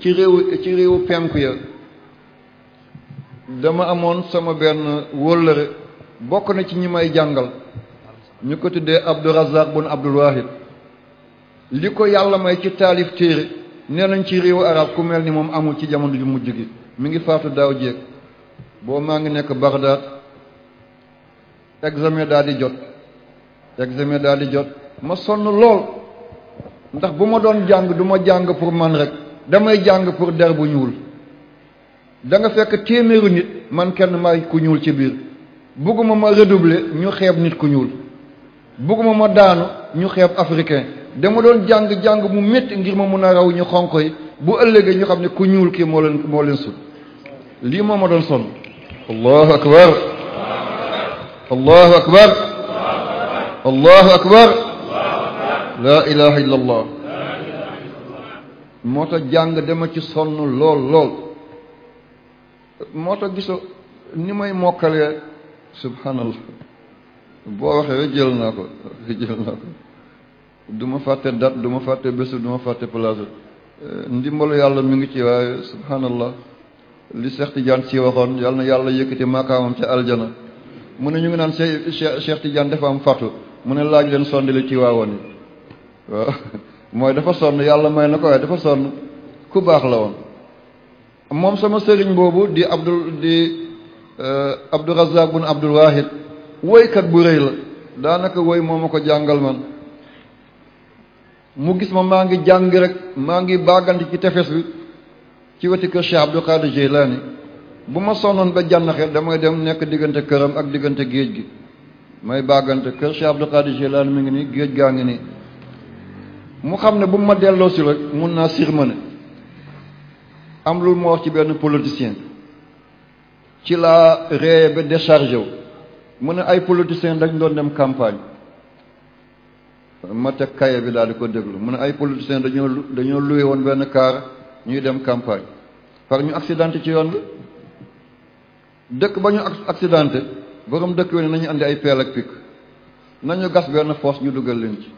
ci réew ci réewu penku ya dama amoon sama benn wóllëre bokk na ci ñi may jàngal ñu ko tuddee Abdou Razak bun Abdul Wahid li ko yàlla may ci taalif téere nee nañ ci réewu arab ku mel ni moom amul ci jamono ju mujj gi mi ngi faatu daaw jéeg boo maa ngi nekk Bagdad examen daal di jot examen daal di jot ma sonn lool ndax bu ma doon jàng du ma jàng pour man rek damay jàng pour der bu ñuul danga nga fekk téeméeru nit man kenn may ku ñuul ci biir bugguma ma redoubler ñu xeeb nit ku ñuul bugguma ma daanu ñu xeeb africain dama doon jàng-jàng mu métti ngir ma mun a raw ñu xonko yi bu ëllëgee ñu xam ne ku ñuul kii moo leen moo leen sut lii moo ma doon sonn allahu akbar allahu akbar allahu akbar laa ilaha illa allah moo tax jàng dama ci sonn lool lool moo tax gisoo ni may mokkalee subhanallah boo waxee rek jël naa ko jël naa ko du ma fàtte date du ma fàtte bésu du fàtte place ndimbalu yàlla mu ngi ci waaye subhanallah li Cheikh Tidiane si waxoon yàlla na yàlla yëkkati maakaamam ci aljana mu ne ñu ngi naan Cheikh Cheikh Tidiane dafa am fatu mu ne laaj leen sondi li ci waawoon yi waaw mooy dafa sonn yàlla may na ko waaye dafa sonn ku baax la woon moom sama sëriñ boobu di abdul di eh, abdul razaq bun abdul wahid woykat bu rëy la daanaka woy moo ma ko jàngal man mu gis ma maa ngi jàng rek maa ngi bàggante ci tefes bi ci weti kër Cheikh Abdul Qadir Jilani bu ma sonnoon ba jànnaxet damay dem nekk diggante këram ak diggante géej gi may bàggante kër Cheikh Abdou Qadir Jilani mi ngi nii géej gaa ngi nii mu xam ne bu ma delloo si rek mun naa sirmane am lu ma wax ci benn politicien ci laa ree ba déchargé wu mu ne ay politiciens dañ doon dem campagne ma teg kaye bi daal di ko déglu mu ne ay politiciens dañoo dañoo loué woon benn kaar ñuy dem campagne par ñu accidenté ci yoon bi dëkk ba ñu accidenté borom dëkk ne nañu andi ay peel ak pik nañu gas benn foos ñu dugal leen ci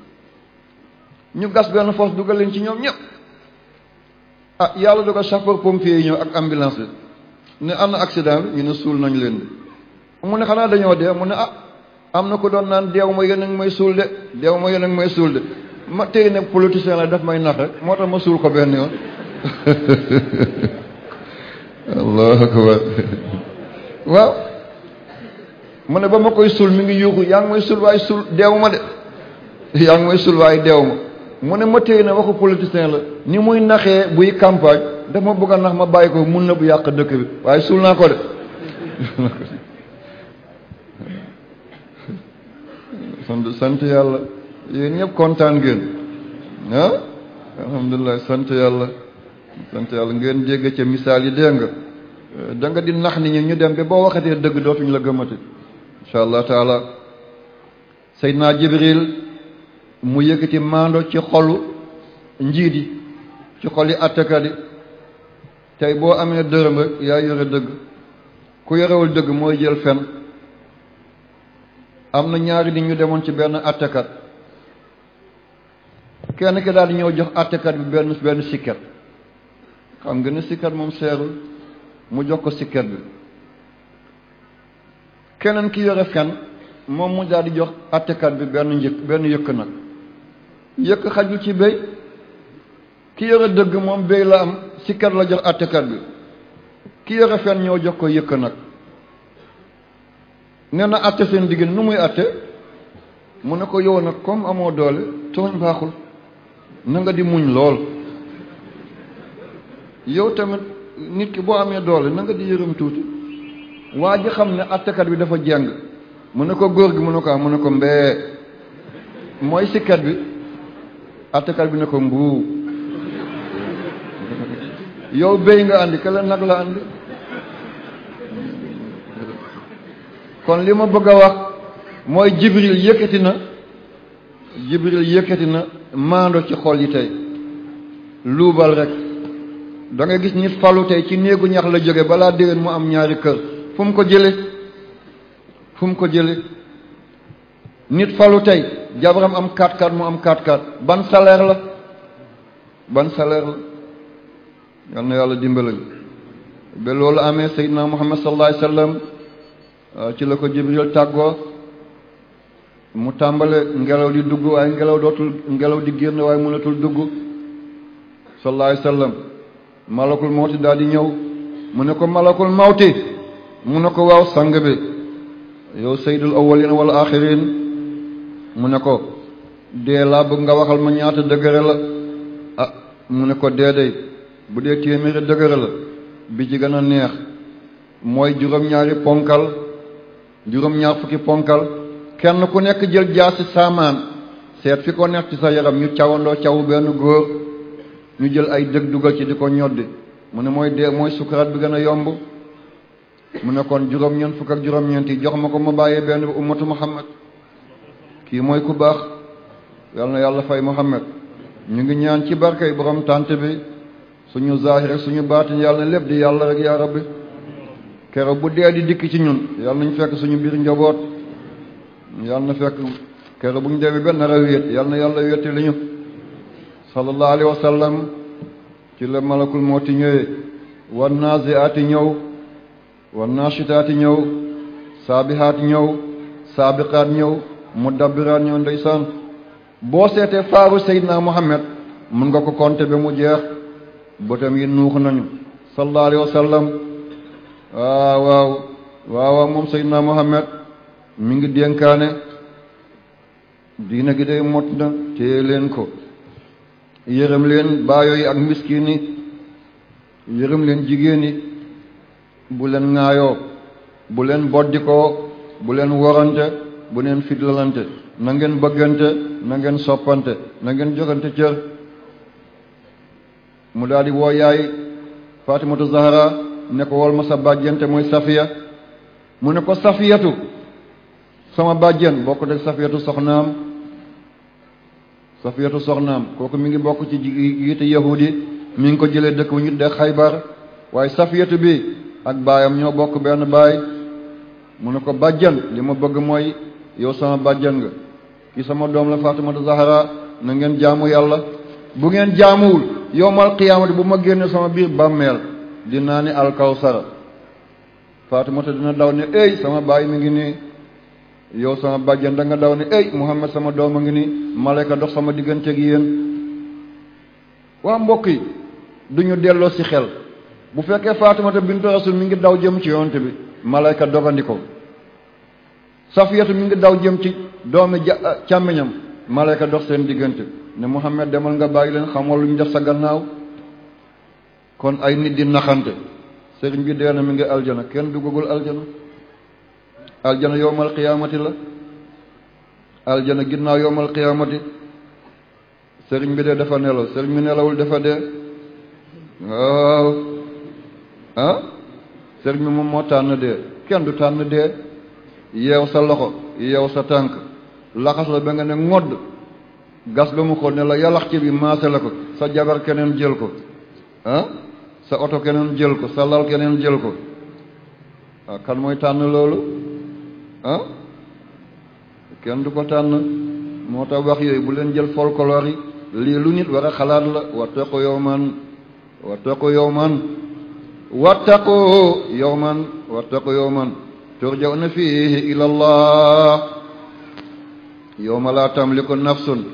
ñu gas benn foos dugal leen ci ñoom ñëpp ah yàlla du ko sapeur pompier yi ñëw ak ambulance bi ne am na accident bi ñu ne suul nañ leen de mu ne xanaa dañoo dee mu ne ah am na ko doon naan deew ma yéen a ngi may suul de deew ma yéen a ngi may suul de ma tey ne politicien la daf may nax rek moo tax ma suul ko benn yoon allahu akbar waaw mu ne ba ma koy suul mi ngi yuuxu yaa ngi may suul waaye suul deew ma de yaa ngi may suul waaye deew ma mu ne ma téye ne waxu politicien la ni muy naxee buy campagne daf ma bëgg a nax ma bàyyi ko mun na bu yàq dëkk bi waaye suul naa ko de sant sant yàlla yéen ñëpp kontaan ngeen ah, alhamdulilah sant yàlla sant yàlla ngeen dégg ca misaal yi dégg nga eh, di nax ni ñi ñu dem ba boo waxatee dëgg dootuñ la gëmati incha allah taala seydna jibril mu yëkkati maando ci xolu njiit yi ci xoli attakadi tey boo amee dërëm rek yaa yore dëgg ku yorewul dëgg mooy jël fen am na ñaari nit ñu demoon ci benn attakat kenn ki daal di ñëw jox attakat bi benn benn sikket xam nga ne sikket moom seerul mu jox ko sikket bi keneen ki yore fen moom mu daal di jox attekat bi benn njëkk benn yëkk nag yëkk xajul ci béy ki yore dëgg moom béy la am sikkat la jox attekat bi ki yore fen ñoo jox ko yëkk nag nee na atte seen digg nu muy atte mu ne ko yow nag comme amoo doole tooñ baaxul na nga di muñ lool yow tamit nit ki boo amee doole na nga di yërëm tuuti waa ji xam ne attekat bi dafa jàng mu ne ko góor gi mu ne ko am ah, mu ne ko mbee mooy sikkat bi attekat bi ne ko mbuu yow béy nga andi kala nag la ànd kon li ma bëgg a wax mooy jibril yëkkati na jibril yëkkati na maando ci xool yi tey luubal rek da gis nit falu tey ci néegu ñax la jóge balaa déwén mu am ñaari kër fum ko jële fum ko jële nit falu tey jabaram am 4-4 mu am 4-4 ban salaire la ban salaire la yal na yàlla dimbalañ ba loolu amee seydina muhammad sallallahu alayhi wasallam ah, ci la ko jibril tàggoo mu tàmbale ngelaw di dugg waaye ngelaw dootul ngelaw di génn waaye mënatul dugg sallallahu alayhi wasallam malakul mawti daal di ñëw mu ne ko malakul mawti mu ne ko waaw sang bi yow sayyidul awwalin wal axirin mu ne ko dee laa bëgg nga waxal ma ñaata degré la ah mu ne ko dee day bu dee téeméeri degré la bi ci gën a neex mooy juróom-ñaari ponkal juróom-ñaar fukki ponkal kenn ku nekk jël jaasi saamaan seet fi ko nekk ci sa yaram ñu cawandoo cawu benn góor ñu jël ay dëg dugal ci di ko ñoddi mu ne mooy dee mooy sukaraat bi gën a yomb mu ne kon juróom-ñeent jox ma ko mu bàyyee benn bi ummatu muhammad kii mooy ku baax yal na yàlla fay muhammad ñu ngi ñaan ci barkay borom tànt bi suñu zaahir rek suñu baatin yàlla na lépp di yàlla rek yaa rabbi kero bu dee di dikk ci ñun yàlla nañ fekk suñu biir njaboot yàlla na fekk kero bu ñu demee benn rew wéet yàlla na yàlla wéeti li ñu sallallahu alayhi wa sallam ci la malakul moo ti ñëwee wan naasi aati ñëw wan naashitaati ñëw saabihaat ñëw saabiqaat ñëw mudabbiraat ñëw ndeysaan boo seetee faaru seydina muhammad mun nga ko compter ba mu jeex bëtam yi nuux nañu sallallahu alayhi wa sallam waaw waaw moom seydina muhammad mi ngi dénkaane diina gi day mot na leen ko yërëm leen baayo yi ak miskin yi yërëm leen jigéen yi bu leen ŋaayoo bu leen boddikoo bu leen worante bu leen fitlalante na ngeen bëggante na ngeen soppante na ngeen joxante cër mu daal di woo yaay Fatimatu Zahra ne ko wol ma sa bàjjante mooy Safiya mu ne ko Safiyatu sama bàjjen bokk de Safiyatu soxnaam Safiyatu soxnaam kooku mu ngi bokk ci jiite yahudi mi ngi ko jëlee dëkk bu ñu de Xaybar waaye Safiyatu bi ak baayam ñoo bokk benn baay mu ne ko bàjjan li ma bëgg mooy yow sama bàjjan nga ki sama doom la Fatimata Zahra na ngeen jaamu yàlla bu ngeen jaamuwul yowmal qiyaamati bu ma génne sama biir bàmmeel dinaa ni alkawsara Fatimata dina daw ne ey sama baay mi ngi nii yow sama bàjjan da nga daw ne ey Muhammad sama doom a ngi ni malayka dox sama diggante gi yéen waa mbokk yi duñu delloo si xel bu fekkee Faatumata bintu Rasul mi ngi daw jëm ci yonent bi malayka dogandi ko Safiyatu mi ngi daw jëm ci doomi ja ah, càmmiñam malayka dox seen diggante ne Muhammad demal nga bàyyi leen xamoo lu ñu def sa gannaaw kon ay nit di naxante sëriñ bi dee na mi ngi aljana kenn duggagul aljana aljana yowmal qiyaamati la aljana ginnaaw yowmal qiyaamati sëriñ bi dee dafa nelaw sëriñ bi nelawul dafa dee waaw ah sëriñ bi moom moo tànn dee kenn du tànn dee yeew sa loxo yeew sa tànk laxas la ba nga ne ŋodd gas ba mu ko ne la yalax ci bi maase la ko sa jabar keneen jël ko ah sa oto keneen jël ko sa lal keneen jël ko ah, kan mooy tànn loolu ah kenn du ko tànn moo tax wax yooyu bu leen jël folklore yi lii lu nit war xalaat la wattaqu yawman wattaqu yawman wattaqu yawman wattaqu yawman turja'una fihi ila Allah yawma la tamliku nafsun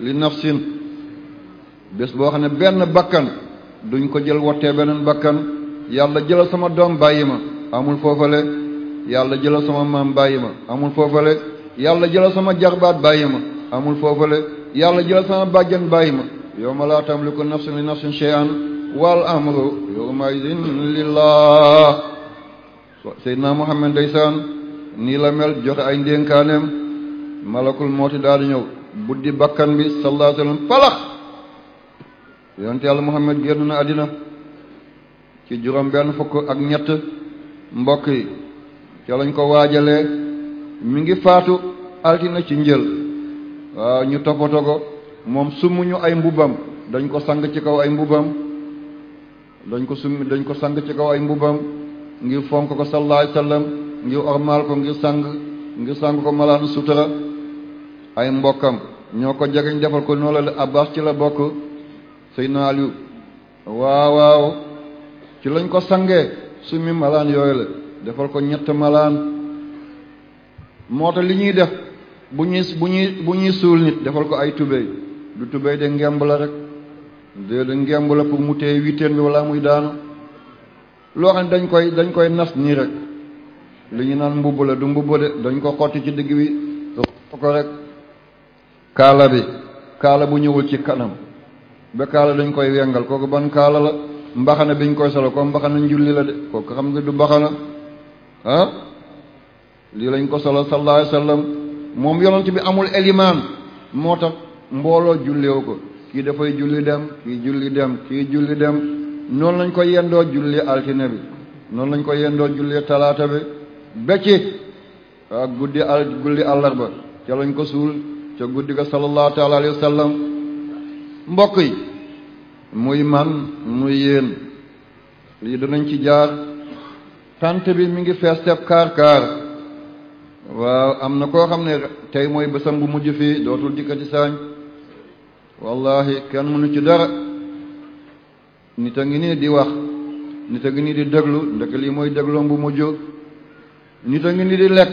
li nafsin bés boo xam ne benn bakkan duñ ko jël wattee beneen bakkan yàlla jëlal sama doom bàyyi ma amul foofale yàlla jëlal sama maam bàyyi ma amul foofale yàlla jëlal sama jarbaat bàyyi ma amul foofale yàlla jëlal sama bàjjan bàyyi ma yawma la tamliku nafsun li nafsin shay'an wal amru yawma idin lillah seydina muhammad ndeysaan nii la mel joxe ay ndénkaaneem malakul mooti daal di ñëw buddi bakkan bi sallallahu alayhi wa sallam falax yonte yàlla muhammad génn na àddina ci juróom benn fukk ak ñett mbokk yi ca lañ ko waajalee mi ngi faatu altina ci njël waaw ñu toppatoo moom sumuñu ay mbubam dañ ko sang ci kaw ay mbubam dañ ko summi dañ ko sang ci kaw ay mbubam ngir fonk ko sallallahu alayhi wasallam ngir ormaal ko ngir ko malaanu sutura ay mbokkam ñoo ko jegeñ defal ko noonu la Abbas ci la bokk Seydina Aliou waaw waaw ci lañ ko sangee summi malaan yooyu la defal ko ñett malaan moo tax li ñuy def bu ñuy bu ñuy bu ñuy suul defal ko ay tubéy du tubéy de ngemb rek déedéet ngemb la pour mu téye witteen bi wala muy daanu loo xam ne dañ koy dañ koy nas nii rek li ñu naan mbubb la du mbubb de dañ ko xotti ci digg bi ko rek kaala bi kaala bu ñëwul ci kanam ba kaala dañ koy wengal kooku ban kaala la mbaxana biñ koy solo ko mbaxana njulli la de kooku xam nga du mbaxana ah lii lañ ko solo sallallahu alayhi wasallam moom yonent bi amul elimaan moo tax mbooloo julleewu ko kii dafay julli dem kii julli dem kii julli dem noonu lañ ko yendoo julli altine bi noonu lañ ko yendoo julli talaata bi becci ak guddi al gulli àllarba ca lañ ko suul ca guddi ga sallallahu taala alayhi wa sallam yi muy man muy yéen lii danañ ci jaar tant bi mi ngi fees teb kaar kaar waaw am na koo xam ne tey mooy bésam bu mujj fii dootul dikkati saañ wallahi kenn mënu ci dara nit a ngi nii di wax nit a ngi nii di déglu ndeke lii mooy dégloom bu mujj nit a ngi nii di lekk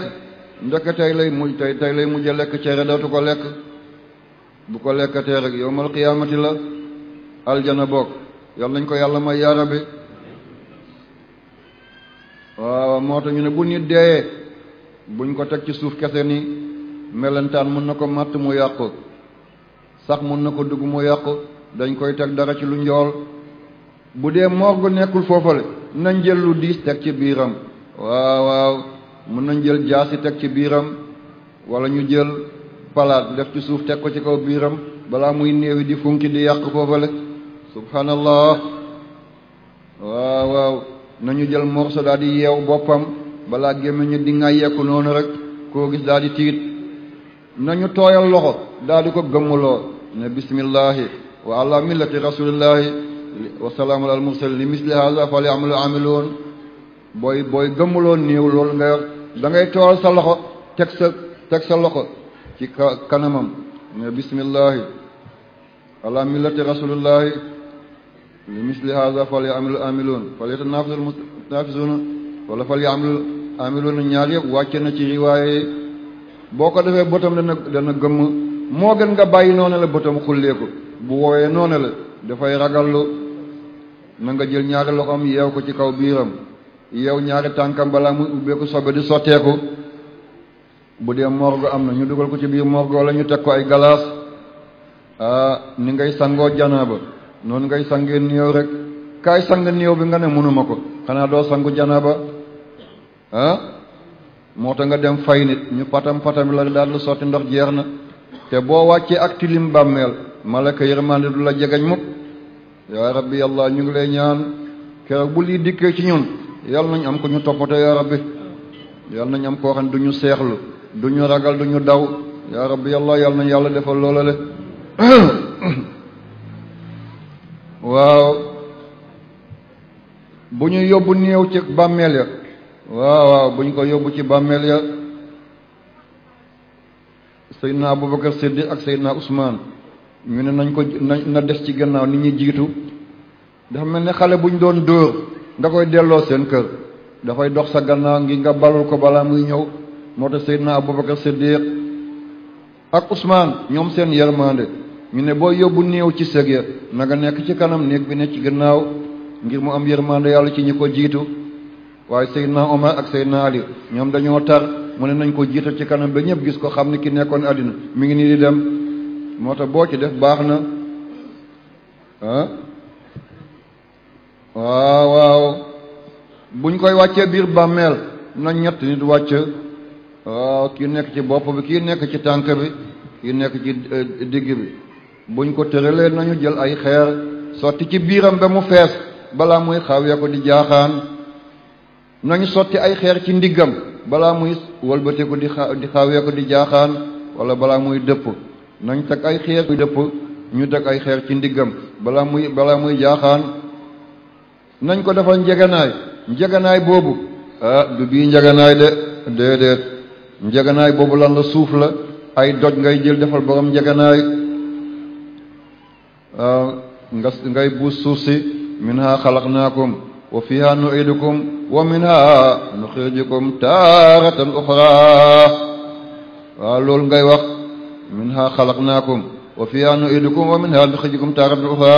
ndeke tey lay mujj tey tey lay mujj lekk cere dootu ko lekk bu ko lekkatee rek yowmal qiyaamati la aljana bokk yal nañ ko yàlla may yaara bi waaw moo tax ñu ne bu nit deeyee buñ ko teg ci suuf kese ni melentaan mën na ko màtt mu yàqu sax mën na ko dugg mu yàqu dañ koy teg dara ci lu njool bu dee morgue nekkul foofale nañ jël lu diis teg ci biiram waaw waaw mën nañ jël jaasi teg ci biiram walla ñu jël palaat def ci suuf teg ko ci kaw biiram balaa muy néewi di funki di yàq foofale subhanallah waaw waaw nañu jël morso daal di yeew boppam balaa gémmiñu di ŋàyyeeku noonu rek koo gis daal di tiit nañu tooyal loxo daal ko gëmmuloo ne bismillahi wa ala millati rasulillahi wa salaamun al mursalin li misli hada fal ya'malu amiluun booy booy gëmmuloo néew loolu nga yor da ngay tool sa loxo teg sa teg sa ci kanamam ne bismillahi ala millati rasulillahi li misli hada fal ya'malu amiluun fal yatanaafasul wala fal ya'malu amiluun ñaar yëpp ci riwaaye boo ko defee botam dana dana moo gën nga bàyyi noonu la tam xulleeku bu woowee noone la dafay ragallu na nga jël ñaari loxoom yeew ko ci kaw biiram yeew ñaari tànkam balaa muy ubbeeku sobe di sotteeku bu dee morgue am na ñu dugal ko ci biir morgue wala ñu teg ko ay galaas ni ngay sangoo janaaba noonu ngay sangee néew rek kaay sang néew bi nga ne mënuma ko xanaa doo sangu janaaba ah moo tax nga dem fay nit ñu patam patam la daal lu sotti ndox jeex na te boo wàccee ak tilim bàmmeel malaka yërmande du la jegañ mukk yaa rabbi yàlla ñu ngi lay ñaan keroog bu lii dikkee ci ñun yàlla nañ am ko ñu toppatoo yaa rabbi yàlla nañ am koo xam ne du ñu seexlu du ñu ragal du ñu daw yaa rabbi yàlla yàlla nañ yàlla defal loola le waaw bu ñu yóbbu néew ci bàmmeel ya waaw waaw bu ñu ko yóbbu ci bàmmeel ya Seydina Aboubacar Siddiq ak Seydina Ousmane ñu ne nañ ko na des ci gannaaw nit ñi jiitu dafa mel ni xale buñ doon dóor nga koy delloo seen kër dafay dox sa gannaaw ngi nga balul ko balaa muy ñëw moo tax Seydina Aboubacar Siddiq ak Ousmane ñoom seen yermande ñu ne boo yóbbu néew ci sëg ya nekk ci kanam néeg ne ci gannaaw ngir mu am yermande yàlla ci ñi ko jiitu waaye Seydina Omar ak Seydina Ali ñoom dañoo tar mu ne nañ ko jiital ci kanam ba ñëpp gis ko xam ni ki nekkoon àddina mi ngi nii dem moo tax boo ci def baax na ah waaw waaw buñ koy wàccee biir bàmmeel na ñett nit wàcc waaw kii nekk ci bopp bi kii nekk ci tànk bi kii nekk ci eh, digg bi buñ ko tëralee nañu jël ay xeer sotti ci biiram ba mu fees balaa muy xawee ko di jaaxaan nañu sotti ay xeer ci ndiggam balaa muy walbatiku di xa di xawee ko di jaaxaan wala balaa muy dëpp nañ teg ay xeer muy dëpp ñu teg ay xeer ci ndiggam balaa muy balaa muy jaaxaan nañ ko defal njeganaay njeganaay boobu ah du bii njeganaay de déedéet njeganaay boobu lan suuf la ay doj ngay jël defal borom njeganaay ah, nga ngay buus suuf si minha xalaqnaakum wa fiha nu'idukum wa minha nukhrijukum taaratan ukhra waaw loolu ngay wax minha xalaqnaakum wa fiha nu'idukum wa minha nukhrijukum taaratan ukhra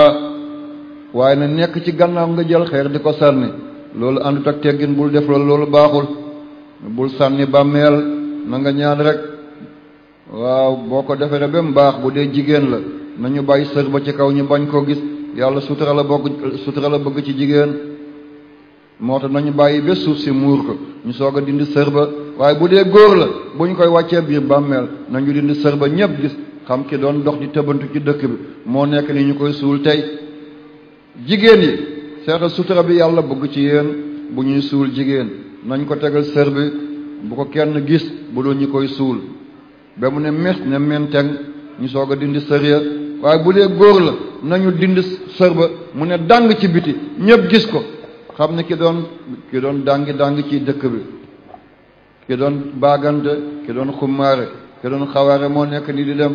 waaye na nekk ci gannaaw nga jël xeer di ko sànni loolu àndut ak teggin bul def loolu loolu baaxul bul sànni bàmmeel na nga ñaan rek waaw boo ko defere ba mu baax bu dee jigéen la na ñu bàyyi sër ba ci kaw ñu bañ koo gis yàlla sutura la bokk sutura la bëgg ci jigéen moo tax nañu bàyyi ba suuf si muur ko ñu soog a dindi sër ba waaye bu dee góor la bu ñu koy wàccee biir bàmmeel nañu dind sër ba ñëpp gis xam ki doon dox di tëbantu ci dëkk bi moo nekk ni ñu koy suul tey jigéen yi seetal sutura bi yàlla bëgg ci yéen bu ñuy suul jigéen nañ ko tegal sër bu ko kenn gis bu dul ñu koy suul ba mu ne mes ne menteng ñu soog a dindi sër waaye bu dee góor la nañu dind sërba mu ne dàng ci biti ñëpp gis ko xam ne ki doon ki doon ci dëkk bi ki doon baagante ki doon xummaare ki doon xawaare moo nekk ni di dem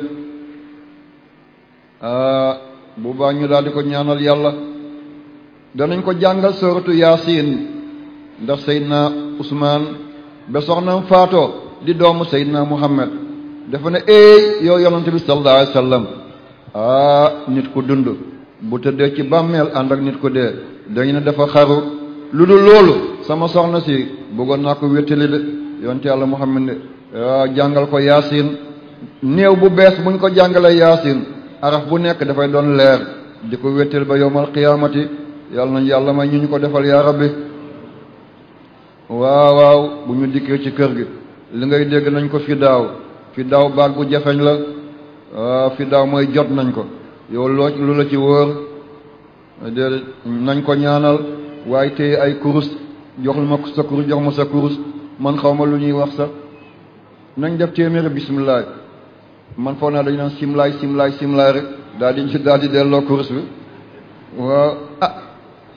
ah, bu baa ñu daal ko ñaanal yàlla danañ ko jàngal sooratu yaasin ndax seydna usmaan ba soxnam faatoo di doomu seydna muhammad dafa ne éey yow yonante bi sallallahu alayhi ah, nit ku dund bu tëddee ci bàmmeel ànd ak nit ku dee dañu na dafa xaru lu dul loolu sama soxna si bëggoon naa ko wéttali de yonte yàlla xam ne ah, jàngal ko yaasin néew bu bees buñ ko jàngalee yaasin araf bu nekk dafay doon leer di ko wéttal ba yowmal qiyaamati yàlla nañ yàlla may ñu ñu ko defal yaa rabbi waaw waaw bu ñu dikkee ci kër gi li ngay dégg nañ ko fi daaw fi daaw baag bu jafeñ la ah, fi daaw mooy jot nañ ko yow loo la ci wóor nañ ko ñaanal waaye téye ay kurus jox ma sa kurus jox sa kurus man xaw ma lu ñuy wax sax nañ def téeméeri bisimilah man foog naa dañu naan simlaay simlaay simlaay rek daal di daal di delloo kurus bi waaw ah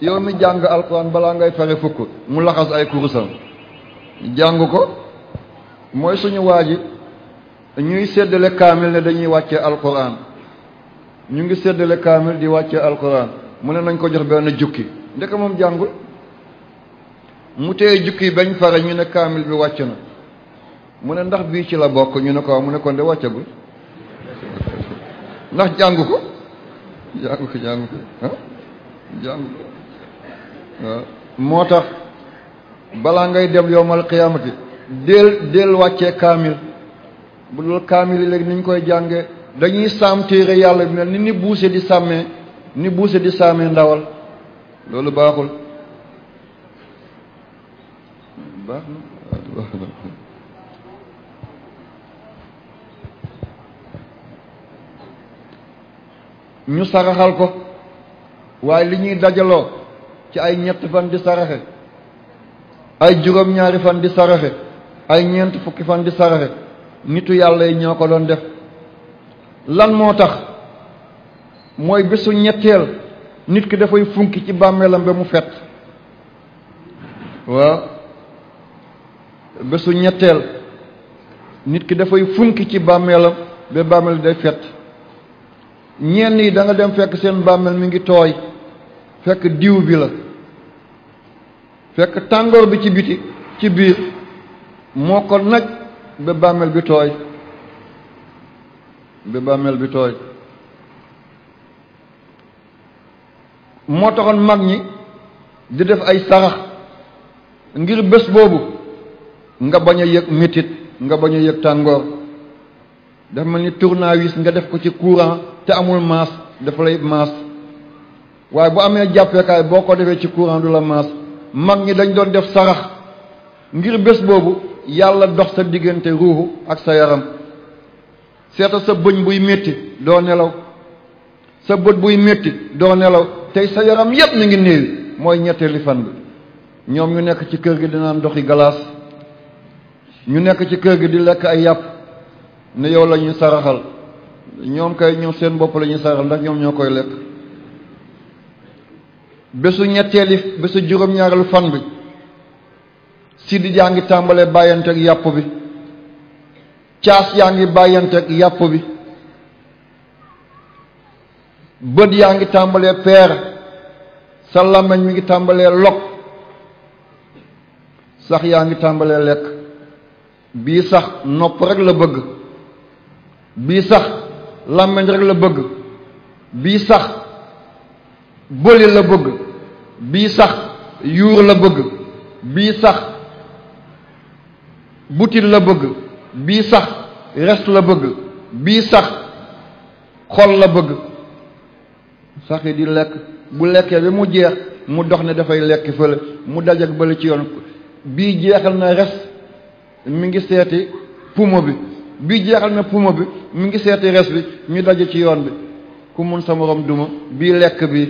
yow mi jàng alquran balaa ngay fare fukk mu laxas ay kurusam jàng ko mooy suñu waa ji ñuy séddale kaamil ne dañuy wàcce alquran ñu ngi séddale kaamil di wàcce alquran mu ne nañ ko jox benn jukki ndeke moom jàngul mu tee jukki bañ fare ñu ne kaamil bi wàcc na mu ne ndax bii ci la bokk ñu ne ko mu ne kon de wàccagul ndax jàng ko jàngu ko jàngu ko moo tax balaa ngay dem yowmal qiyaamati del del wàccee kaamil bu dul kaamil yi léegi ni ñu koy jàngee dañuy saam téere yàlla bi mel ni ni buuse di sàmmee ni buuse di saamee ndawal loolu baaxul ñu saraxal ko waaye li ñuy dajaloo ci ay ñetti fan di saraxe ay juróom-ñaari fan di saraxe ay ñeent fukki fan di saraxe nitu yàlla yi ñoo ko doon def lan moo tax mooy bésu ñetteel nit ki dafay funki ci bàmmeelam ba mu fet waaw bésu ñetteel nit ki dafay funki ci bàmmeelam ba bàmmeel day fet ñenn yi danga dem fekk seen bàmmeel mi ngi tooy fekk diw bi la fekk tàngoor bi ci biti ci biir moo ko naj ba bàmmeel bi tooy ba bàmmeel bi tooy moo taxoon mag ñi di def ay sarax ngir bés boobu nga bañ a yëg métit nga bañ a yëg tàngoor dafa mel ni tournevis nga def ko ci courant te amul maas dafa lay maas waaye bu amee jàppeekaay boo ko defee ci courant du la maas mag ñi dañ doon def sarax ngir bés boobu yàlla dox sa diggante ruuxu ak sa yaram seeta sa bëñ buy métti doo nelaw sa bët buy métti doo nelaw tey sa yaram yépp mi ngi néew mooy ñetteeli fan bi ñoom ñu nekk ci kër gi di naan dox yi galaas ñu nekk ci kër gi di lekk ay yàpp ne yow la ñuy saraxal ñoom kay ñoom seen bopp lañuy ñuy saraxal ndax ñoom ñoo koy lekk bésu ñetteeli bésu juróom-ñaareelu fan bi siddi yaa ngi tàmbalee bàyyanteeg yàpp bi caas yaa ngi bàyyanteeg yàpp bi bët yaa ngi tàmbalee peer sa làmbañ mi ngi tàmbalee lok sax yaa ngi tàmbalee lekk bii sax nopp rek la bëgg bii sax làmbañ rek la bëgg bii sax bëli la bëgg bii sax yuur la bëgg bii sax butit la bëgg bii sax rest la bëgg bii sax xol la bëgg sax yi di lekk bu lekkee bi mu jeex mu dox ne dafay lekk fële mu dajak bële ci yoon bii jeexal na res mi ngi seeti pumo bi bii jeexal na pumo bi mi ngi seeti res bi ñu daje ci yoon bi ku mun sa morom duma bii lekk bi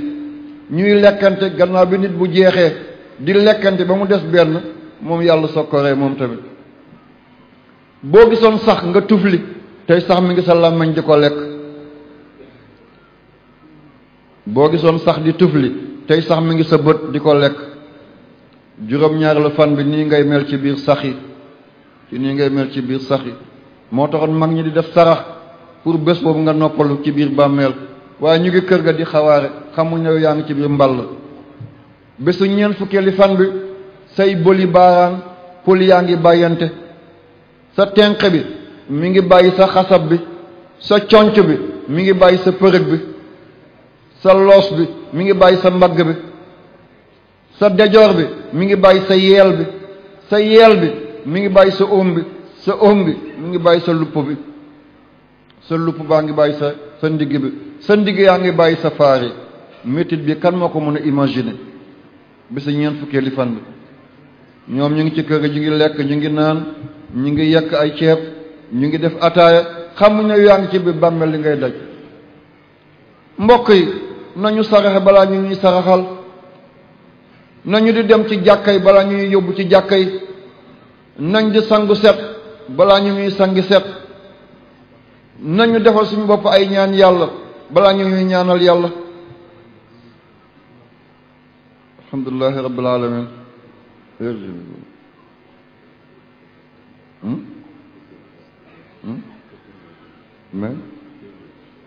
ñuy lekkante gannaaw bi nit bu jeexee di lekkante ba mu des benn moom yàlla sokkoree moom tamit boo gisoon sax nga tufli tey sax mi ngi sa làmmiñ di ko lekk boo gisoon sax di tufli tey sax mi ngi sa bët di ko lekk juróom-ñaareelu fan bi nii ngay mel ci biir sax yi ci nii ngay mel ci biir sax yi moo taxoon mag ñi di def sarax pour bés boobu nga noppalu ci biir bàmmeel waaye ñu ngi kër ga di xawaare xamuñ ne yaa ngi ci biir mbàll bésu ñeent fukkeeli fan bi say bëli baaraan pël yaa ngi bàyyante sa tenq bi mi ngi bàyyi sa xasab bi sa conc bi mi ngi bàyyi sa përëg bi sa loos bi mi ngi bàyyi sa mbagg bi sa dejoor bi mi ngi bàyyi sa yeel bi sa yeel bi mi ngi bàyyi sa om bi sa om bi mi ngi bàyyi sa lupp bi sa lupp baa ngi bàyyi sa sa ndigg bi sa ndigg yaa ngi bàyyi sa faar yi bi kan moo ko mën a imagine bi sa ñeent fukkee li bi ñoom ñu ngi ci kër ñu ngi lekk ñu ngi naan ñu ngi yekk ay ceeb ñu ngi def ataaya xamuñu yaa ngi ci biir bàmmeel li ngay daj mbokk yi nañu saraxe balaa ñu ñuy saraxal nañu di dem ci jàkkay balaa ñuy yóbbu ci jàkkay nañ di sangu set balaa ñu ñuy sangi set nañu defal suñu bopp ay ñaan yàlla balaa ñu ñuy ñaanal yàlla alhamdulillahi rabbil alamin hmm? Hmm? mais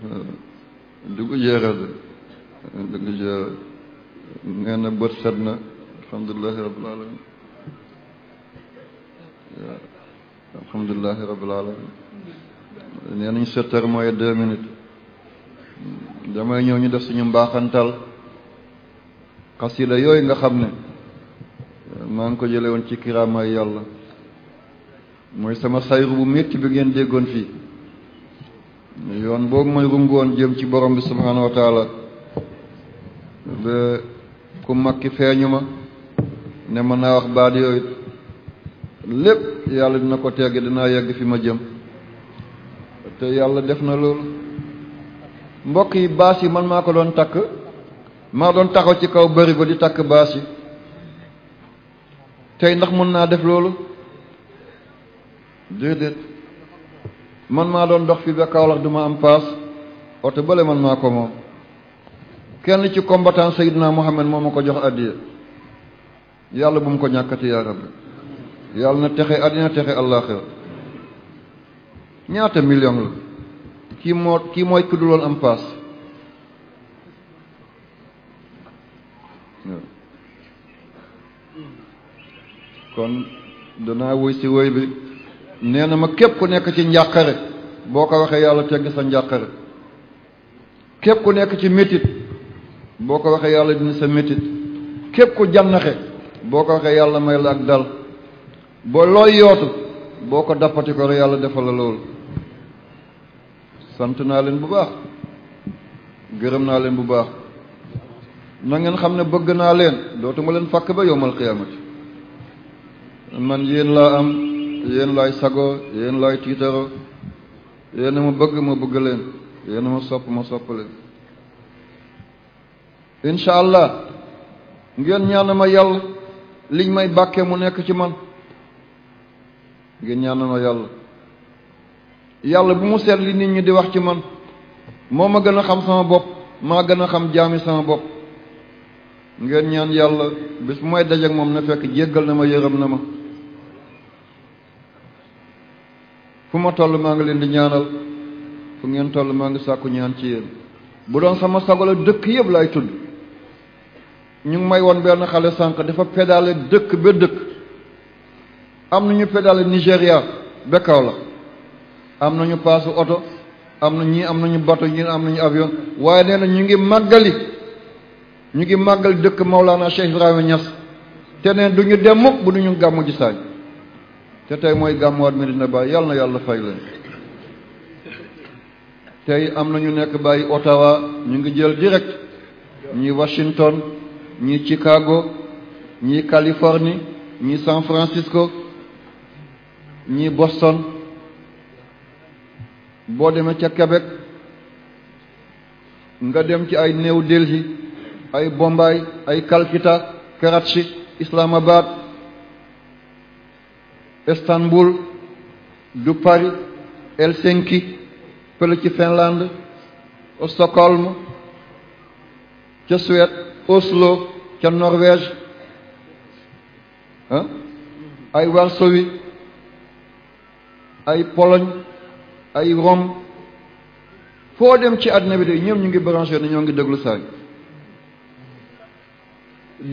euh, dëgg bët set na alhamdulilahi rabbil alamin alhamdulilahi rabbil alamin nee nañ sept heures mooy deux minutes damay ñëw ñu def suñu mbaaxantal xasida yooyu nga xam ne maa ngi ko jële woon ci kiraamaay yàlla mooy sama sayru bu metti bi ngeen déggoon fii yoon boobu mooy rungu jëm ci borom bi subhanahu wa taala ba ku mag ki feeñu ma ne mën naa wax baat yooyu lépp yàlla dina ko tegg dinaa yegg fi ma jëm te yàlla def na loolu mbokk yi baas yi man maa ko doon takk maa doon taxaw ci kaw bërigo di takk baas yi tey ndax mun naa def loolu déedéet man maa doon dox fi ba Kaolack du ma am paas oto bale man maa ko moom kenn ci combattant Seydina Muhammad moo ma ko jox addiya yàlla bu mu ko ñàkkati yaa rabbi yàlla na texe àddina texe àllaaxira ñaata million la kii moo kii mooy ku duloon am paas kon danaa wuy si woy bi nee na ma képp ku nekk ci njàqare boo ko waxee yàlla tegg sa njàqare képp ku nekk ci métit boo ko waxee yàlla dina sa métit képp ku jànnaxe boo ko waxee yàlla may la ak dal boo looy yootu boo ko dappati ko yàlla defal loolu sant naa leen bu baax gërëm naa leen bu baax na ngeen xam ne bëgg naa leen dootuma leen fàkk ba yowmal qiyaamati man yéen laa am yéen laay sago yéen laay tiitaro yéen a ma bëgg ma bëgg leen yéen a ma sopp ma sopp leen incha allah ngeen ñaan ma yàlla liñ may bàkkee mu nekk ci man ngeen ñaan ma yàlla yàlla bu mu seet li nit ñi di wax ci man moo ma gën a xam sama bopp maa gën a xam jaami sama bopp ngeen ñaan yàlla bis mooy dajeek moom na fekk jéggal na ma yërëm na ma fu ma toll maa ngi leen di ñaanal fu ngeen toll maa ngi sàkku ñaan ci yéen bu doon sama sago la dëkk yëpp laay tudd ñu ngi may woon benn xale sànq dafa pédale dëkk ba dëkk am nañu pédale Nigéria ba kaw la am nañu paasu oto am na ñii am nañu bato ñii am nañu avion waaye nee na ñu ngi màggali ñu ngi màggali dëkk Maulana Cheikh Ibrahima Niass te ne du ñu dem mukk bu du ñu gàmmu saañ te tey mooy gàmmuwaat Medina Baye yàlla na yàlla fay leen tey am na ñu nekk bàyyi Ottawa ñu ngi jël direct ñii Washington ñi Chicago ñi Californie ñi San Francisco ñi Boston boo demee ca Québec nga dem ci ay New Delhi ay Bombay ay Calcutta Karachi Islamabad Istanbul du Paris Helsinki pële ci Finlande Stockholm ca Suède Oslo ca Norvège ay Varsovie ay poloñ ay Rome foo dem ci àddina bi de ñoom ñu ngi branché ne ñoo ngi déglu saay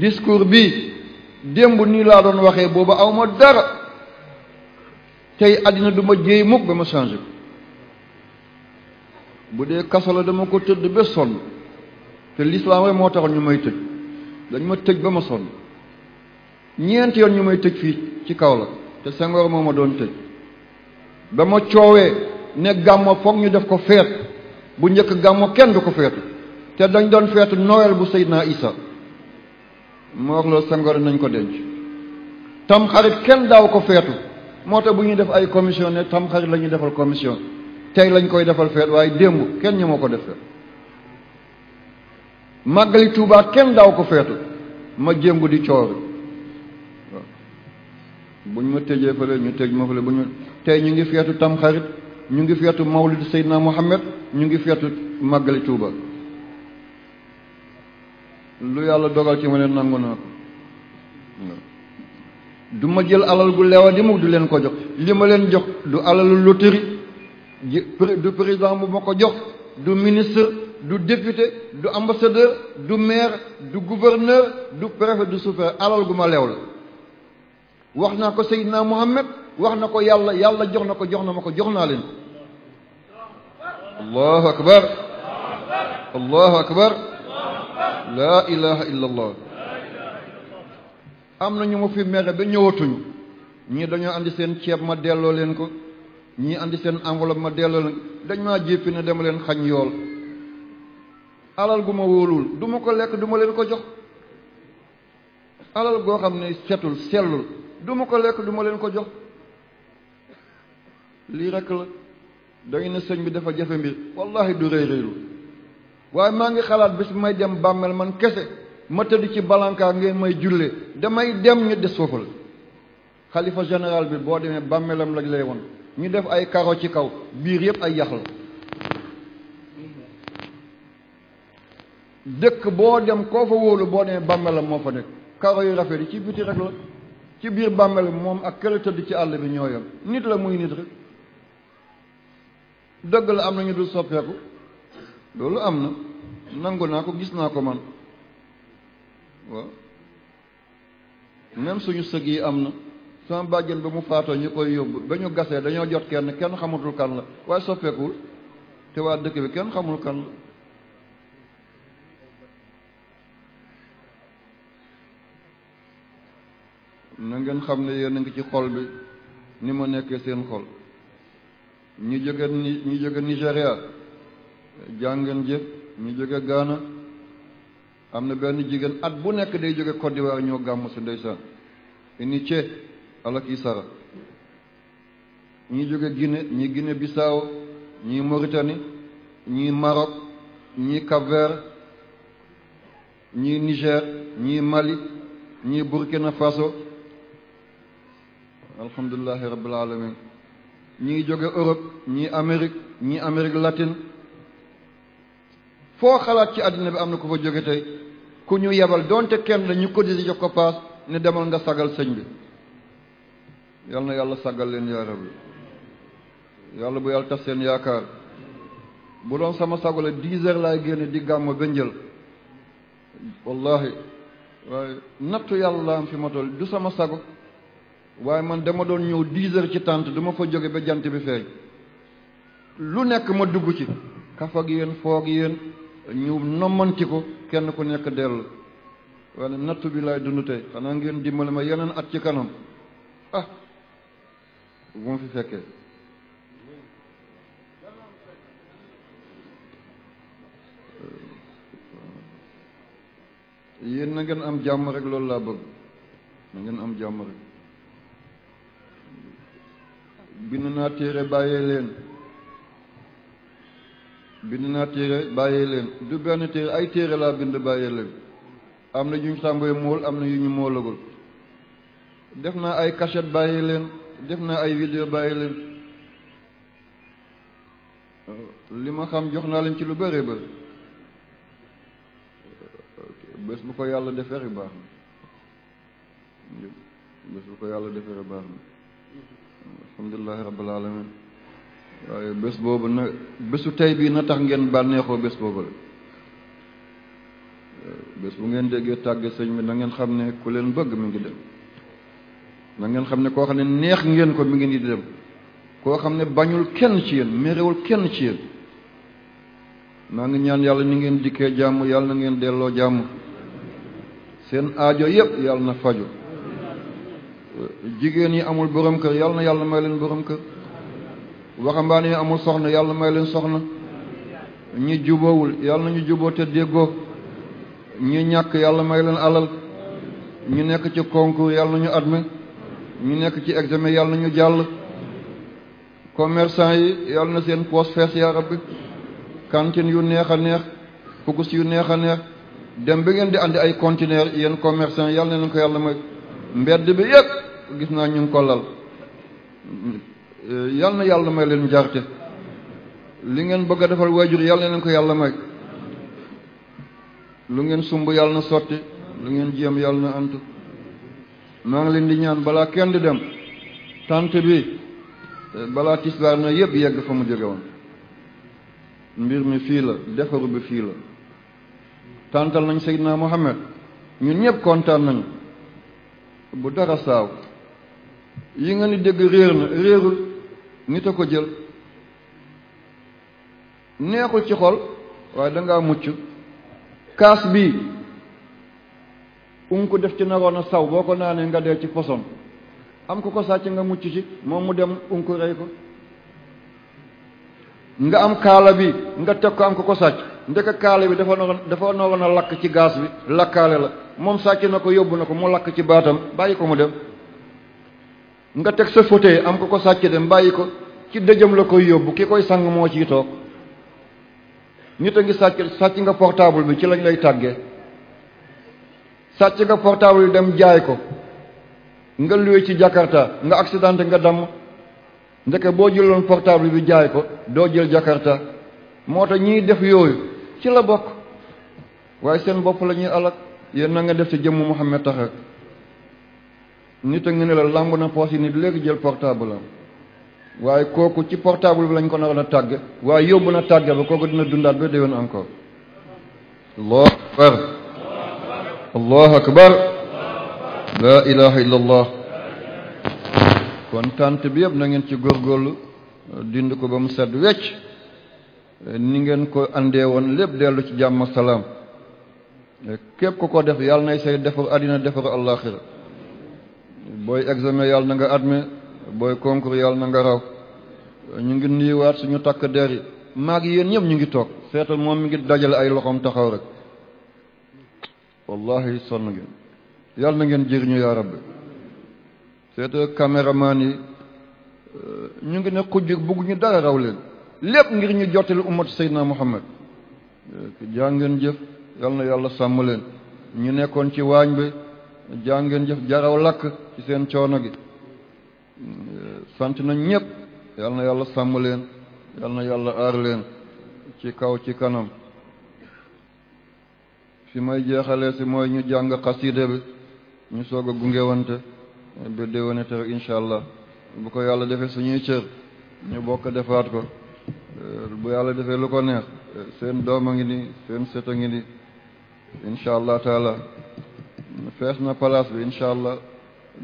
discours bi démb nii laa doon waxee booba aw ma dara tey àddina du ma jéey mukk ba ma changé bu dee kaso dama ko tëdd ba sonn te l'histoire rek moo taxoon ñu may tëj dañ ma tëj ba ma sonn ñeenti yoon ñu may tëj fii ci kaw la te Senghor moo ma doon tëj ba ma coowee ne gàmmo foog ñu def ko feet bu njëkk gàmmo kenn du ko feetu te dañ doon feetu nowel bu Seydina Isa moo wax loolu Senghor nañ ko denc tam xarit kenn daaw ko feetu moo tax bu ñu def ay commission ne tam xarit la ñuy defal commission tey lañ koy defal feet waaye démb kenn ñu moo ko def feet màggali Tuubaa kenn daaw ko feetu ma jéngu di coori ñu ma tëjee fële ñu tëj ma fële bu ñu tey ñu ngi feetu tamxarit ñu ngi feetu mawlid Seydina Muhammad ñu ngi feetu màggali Tuubaa lu yàlla dogal ci ma ne nangu naa ko du ma jël alal gu leewa di mug du leen ko jox li ma leen jox du alalu loterie du président bu ma ko jox du ministre du député du ambassadeur du maire du gouverneur du préfet du sous-préfet alal gu ma leew naa ko Seydina Muhammad wax na ko yàlla yàlla jox na ko jox na ma ko jox naa leen ko allahu akbar allahu akbar laa ilaha illa allah am na ñu ma fi mere ba ñëwatuñu ñii dañoo andi seen ceeb ma delloo leen ko ñii andi seen enveloppe ma delloo leen dañ maa jéppi ne dama leen xañ yool alal gu ma wóolul du ma ko lekk du ma leen ko jox alal goo xam ne setul sellul du ma ko lekk du ma leen ko jox lii rek la dañu ne sëñ bi dafa jafe mbir wallahi du rëy rëylu waaye maa ngi xalaat bés may dem bàmmeel man kese ma tëdd ci balankaa ngeen may jullee damay dem ñu des foofu xalifa général bi boo demee bàmmeelam lañ lay won ñu def ay karo ci kaw biir yëpp ay yax la dëkk boo dem koo fa wóolu boo demee bàmmeelam moo fa nekk karo yu rafet yi ci biti rek la ci biir bàmmeelam moom ak kële tëdd ci àll bi ñoo yem nit la muy nit rek dëgg la am na ñu dul soppeeku loolu am na nangu naa ko gis naa ko man waaw même suñu sëg yi am na sama bàjjen bi mu faatoo ñu koy yóbbu ba ñu gasee dañoo jot kenn kenn xamatul kan la waaye soppeekuwul te waa dëkk bi kenn xamul kan la na ngeen xam ne yéen a ngi ci xol bi ni ma nekkee seen xol ñu jóge ni ñu jóge Nigéria jàngeen jëf ñu jóge gaana am na benn jigéen at bu nekk day jóge Côte d'Ivoire ñoo gàmm si ndeysaan ini ce alaki sara ñi jóge Guinée ñi Guinée Bissau ñi Mauritanie ñi Maroc ñi cap ñi Niger ñi Mali ñi Burkina Faso alhamdulilahi rabbil alamin ñii jóge Europe ñii Amérique ñii Amérique latine foo xalaat ci àddina bi am na ko fa jóge tey ku ñu yebal donte kenn la ñu cotisé jox ko paas ne demal nga sagal sëñ bi yal na yàlla sagal leen yaa rabbi yàlla bu yàlla tas seen yaakaar bu doon sama sago la dix lay laay génn di gàmmo ba njël wallahi waaye nattu yàlla am fi ma toll du sama sago waaye man dama doon ñëw dix heures ci tànt du ma fa jóge ba jant bi feeñ lu nekk ma dugg ci kafag yéen foog yéen ñu nommanti ko kenn ku nekk dellu wala nattu bi laay dund tey xanaa ngeen dimbali ma yeneen at ci kanam ah bu ma fi fekkee yéen na ngeen am jàmm rek loolu laa bëgg na ngeen am jàmm rek bind naa téere bàyyee leen bind naa téere bàyyee leen du benn téere ay téere laa bind bàyyee leen am na yu ñu sàmboy mool am na yu ñu moolagul def naa ay cassette bàyyee leen def naa ay vidéo bàyyee leen li ma xam jox naa leen ci lu bëree bëri bés bu ko yàlla defee rek baax na bés bu ko yàlla defee rek baax na alhamdulilahi rabbil alamin waaye bés boobu na bésu tey bii na tax ngeen bànneexoo bés boobu la eh, bés bu ngeen déggee tàgg sëñ bi na ngeen xam ne ku leen bëgg mi ngi dem na ngeen xam ne koo xam ne neex ngeen ko mi ngi di dem koo xam ne bañul kenn ci yéen merewul kenn ci yéen maa ngi ñaan yàlla ni ngeen dikkee jàmm yàlla na ngeen delloo jàmm seen aajo yépp yàlla na faju jigéen yi amul borom kër yàlla na yàlla may leen borom kër waxambaane yi amul soxna yàlla may leen soxna ñi jubóowul yàlla na ñu jubóo te déggoo ñi ñàkk yàlla may leen alal ñu nekk ci concours yàlla na ñu admis ñu nekk ci examen yàlla ñu jàll commerçant yi yàlla na seen poos fees yaa rabbi cantine yu neex a neex focus yu neex a neex dem ba ngeen di andi ay conteneur yéen commerçant yàlla na leen ko yàlla may mbedd bi yépp gis naa ñu ngi lal yal na yàlla may leen njarte li ngeen bëgg a defal waajur yal na leen ko yàlla may lu ngeen sumb yàlla na sotti lu ngeen jéem yàlla na ant maa ngi leen di ñaan balaa kenn di dem tant bi balaa tisbaar na yëpp yegg fa mu jóge woon mbir mi fii la defaru bi fii la tantal nañ Seydina Mohamed ñun ñëpp kontaan nañu bu dara saaw yi nga ni dégg réer na réerul nit a ko jël neexul ci xol waaye dangaa mucc kaas bi um ko def ci naroon a saw boo ko naanee nga dee ci poson am ko ko sàcc nga mucc ci moom mu dem um ko rey ko nga am kaala bi nga teg ko am ko ko sàcc ndeka kaala bi dafa naroon dafa naroon a lakk ci gaas bi lakkaale la moom sàcc na ko yóbbu na ko mu lakk ci baatam bàyyi ko mu dem nga teg sa fauteuil am ko ko sàcc dem bàyyi ko ci dëjëm la koy yóbbu ki koy sang moo ciy toog nit a ngi sàcc sàcc nga portable bi ci lañ lay tàggee sàcc nga portable bi dem jaay ko nga luwe ci Jakarta nga accidenté nga damm ndeke boo jëloon portable bi jaay ko doo jël Jakarta moo tax ñiy def yooyu ci la bokk waaye seen bopp la ñuy alak yéen na nga def ci jëmm Muhammad tax nit a ngi ne la lamb na poos yi nit léegi jël portable am waaye kooku ci portable bi lañ ko naroon a tàgg waaye yóbbu na tàgge ba kooku dina dundaat be déwén encore allahu akbar allahu akbar laa ilaha illa allah kon tànt bi yëpp na ngeen ci góorgóorlu dind ko ba mu set wecc ni ngeen ko andee woon lépp dellu ci jàmm salaam képp ku ko def yàlla nay say defar àddina defar àllaaxira booy examen yàlla na nga admis booy concours yàlla na nga raw ñu ngi nuyuwaat suñu takk der yi maag yéen ñëpp ñu ngi toog seetal moom mi ngi dajale ay loxoom taxaw rek wallahi sonn ngeen yal na ngeen jëriñu yaa rabbi seetal caméraman yi ñu ngi ne xujj bugguñu dara raw leen lépp ngir ñu jottali ummatu seydina muhammad jaa ngeen jëf yàlla na yàlla sàmm leen ñu nekkoon ci waañ bi jaa ngeen jëf jaraw lakk ci seen coono gi sant nañ ñëpp yal na yàlla sàmm leen yal na yàlla aar leen ci kaw ci kanam fi may jeexalee si mooy ñu jàng xasiida bi ñu soog a gungewante ba déwénate rek incha allah bu ko yàlla defee suñuy cër ñu bokk defaat ko bu yàlla defee lu ko neex seen doom a ngi ni seen set a ngi ni incha allah taala fees na palaas bi incha allah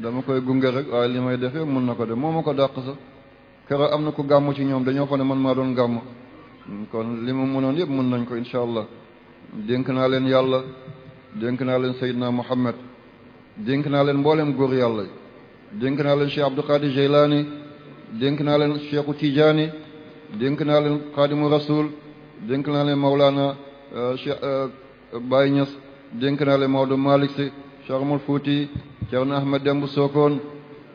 dama koy gunge rek waaye li may defee mun na ko def moo ma ko dàq kero am na ko gàmm ci ñoom dañoo fa ne man maa doon gàmm kon li ma mënoon yëpp mën nañ ko incha allah dénk naa leen yàlla dénk naa leen Seydina Muhammad dénk naa leen mboolem góor yàlla dénk naa leen Cheikh Abdou Qadir Jeylaani dénk naa leen Cheikhu Tijaani dénk naa leen Xaadimu Rasul dénk naa leen Mawlana euh, Cheikh euh, Baye Niass dénk naa leen Maodo Malick Sy Cheikh fuuti Ceerno Ahmed Dembu Sokone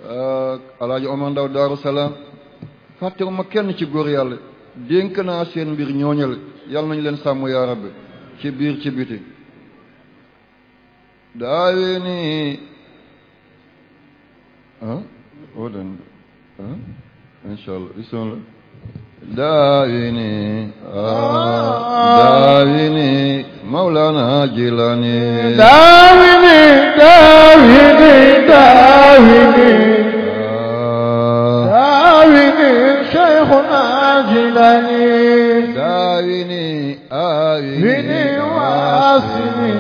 eh, Alaaji Omar Ndaw Daaru Salaam fàttewu ma kenn ci góor yàlla dénk naa seen mbir ñooñale yàlla nañu leen sàmmu yaa bi ci biir ci biti daawee ni ah oo dan ah incha allah داويني داويني مولانا جيلاني داويني داويني داويني داويني شيخنا جيلاني داويني آويني واسمي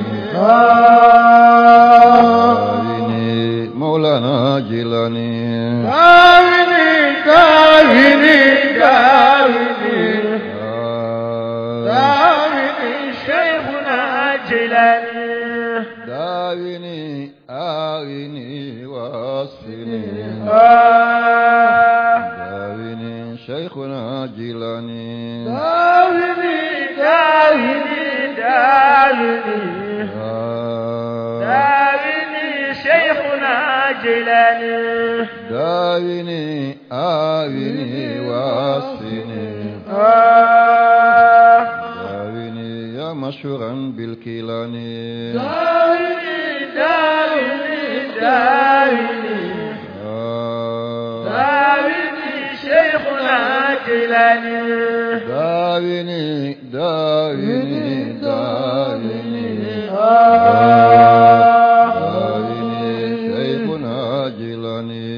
أعيني وأسفني داويني شيخنا جيلاني داويني داويني داويني داويني شيخنا جيلاني داويني آويني وأسفني داويني يا مشهورا بالكيلاني داويني داويني شيخنا كيلاني داويني داويني داويني داويني شيخنا جيلاني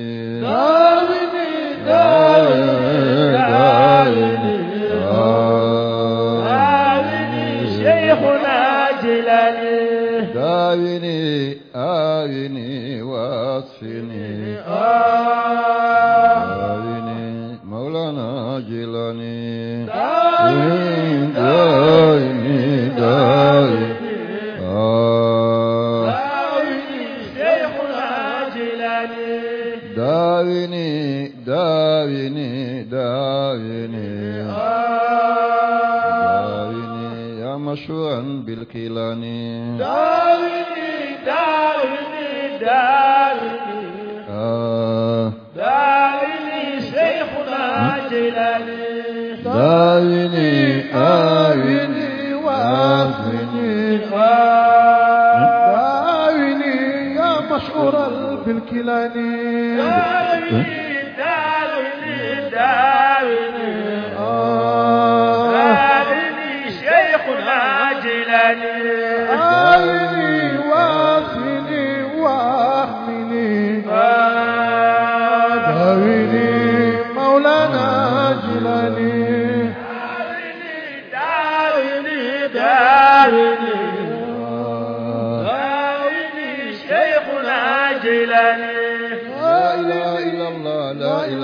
داويني داويني داويني داويني شيخنا جيلاني داويني آويني واسفني آه الذي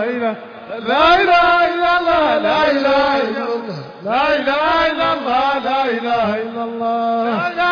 إله لا إله إلا الله لا إله إلا الله لا إله إلا الله لا إله إلا الله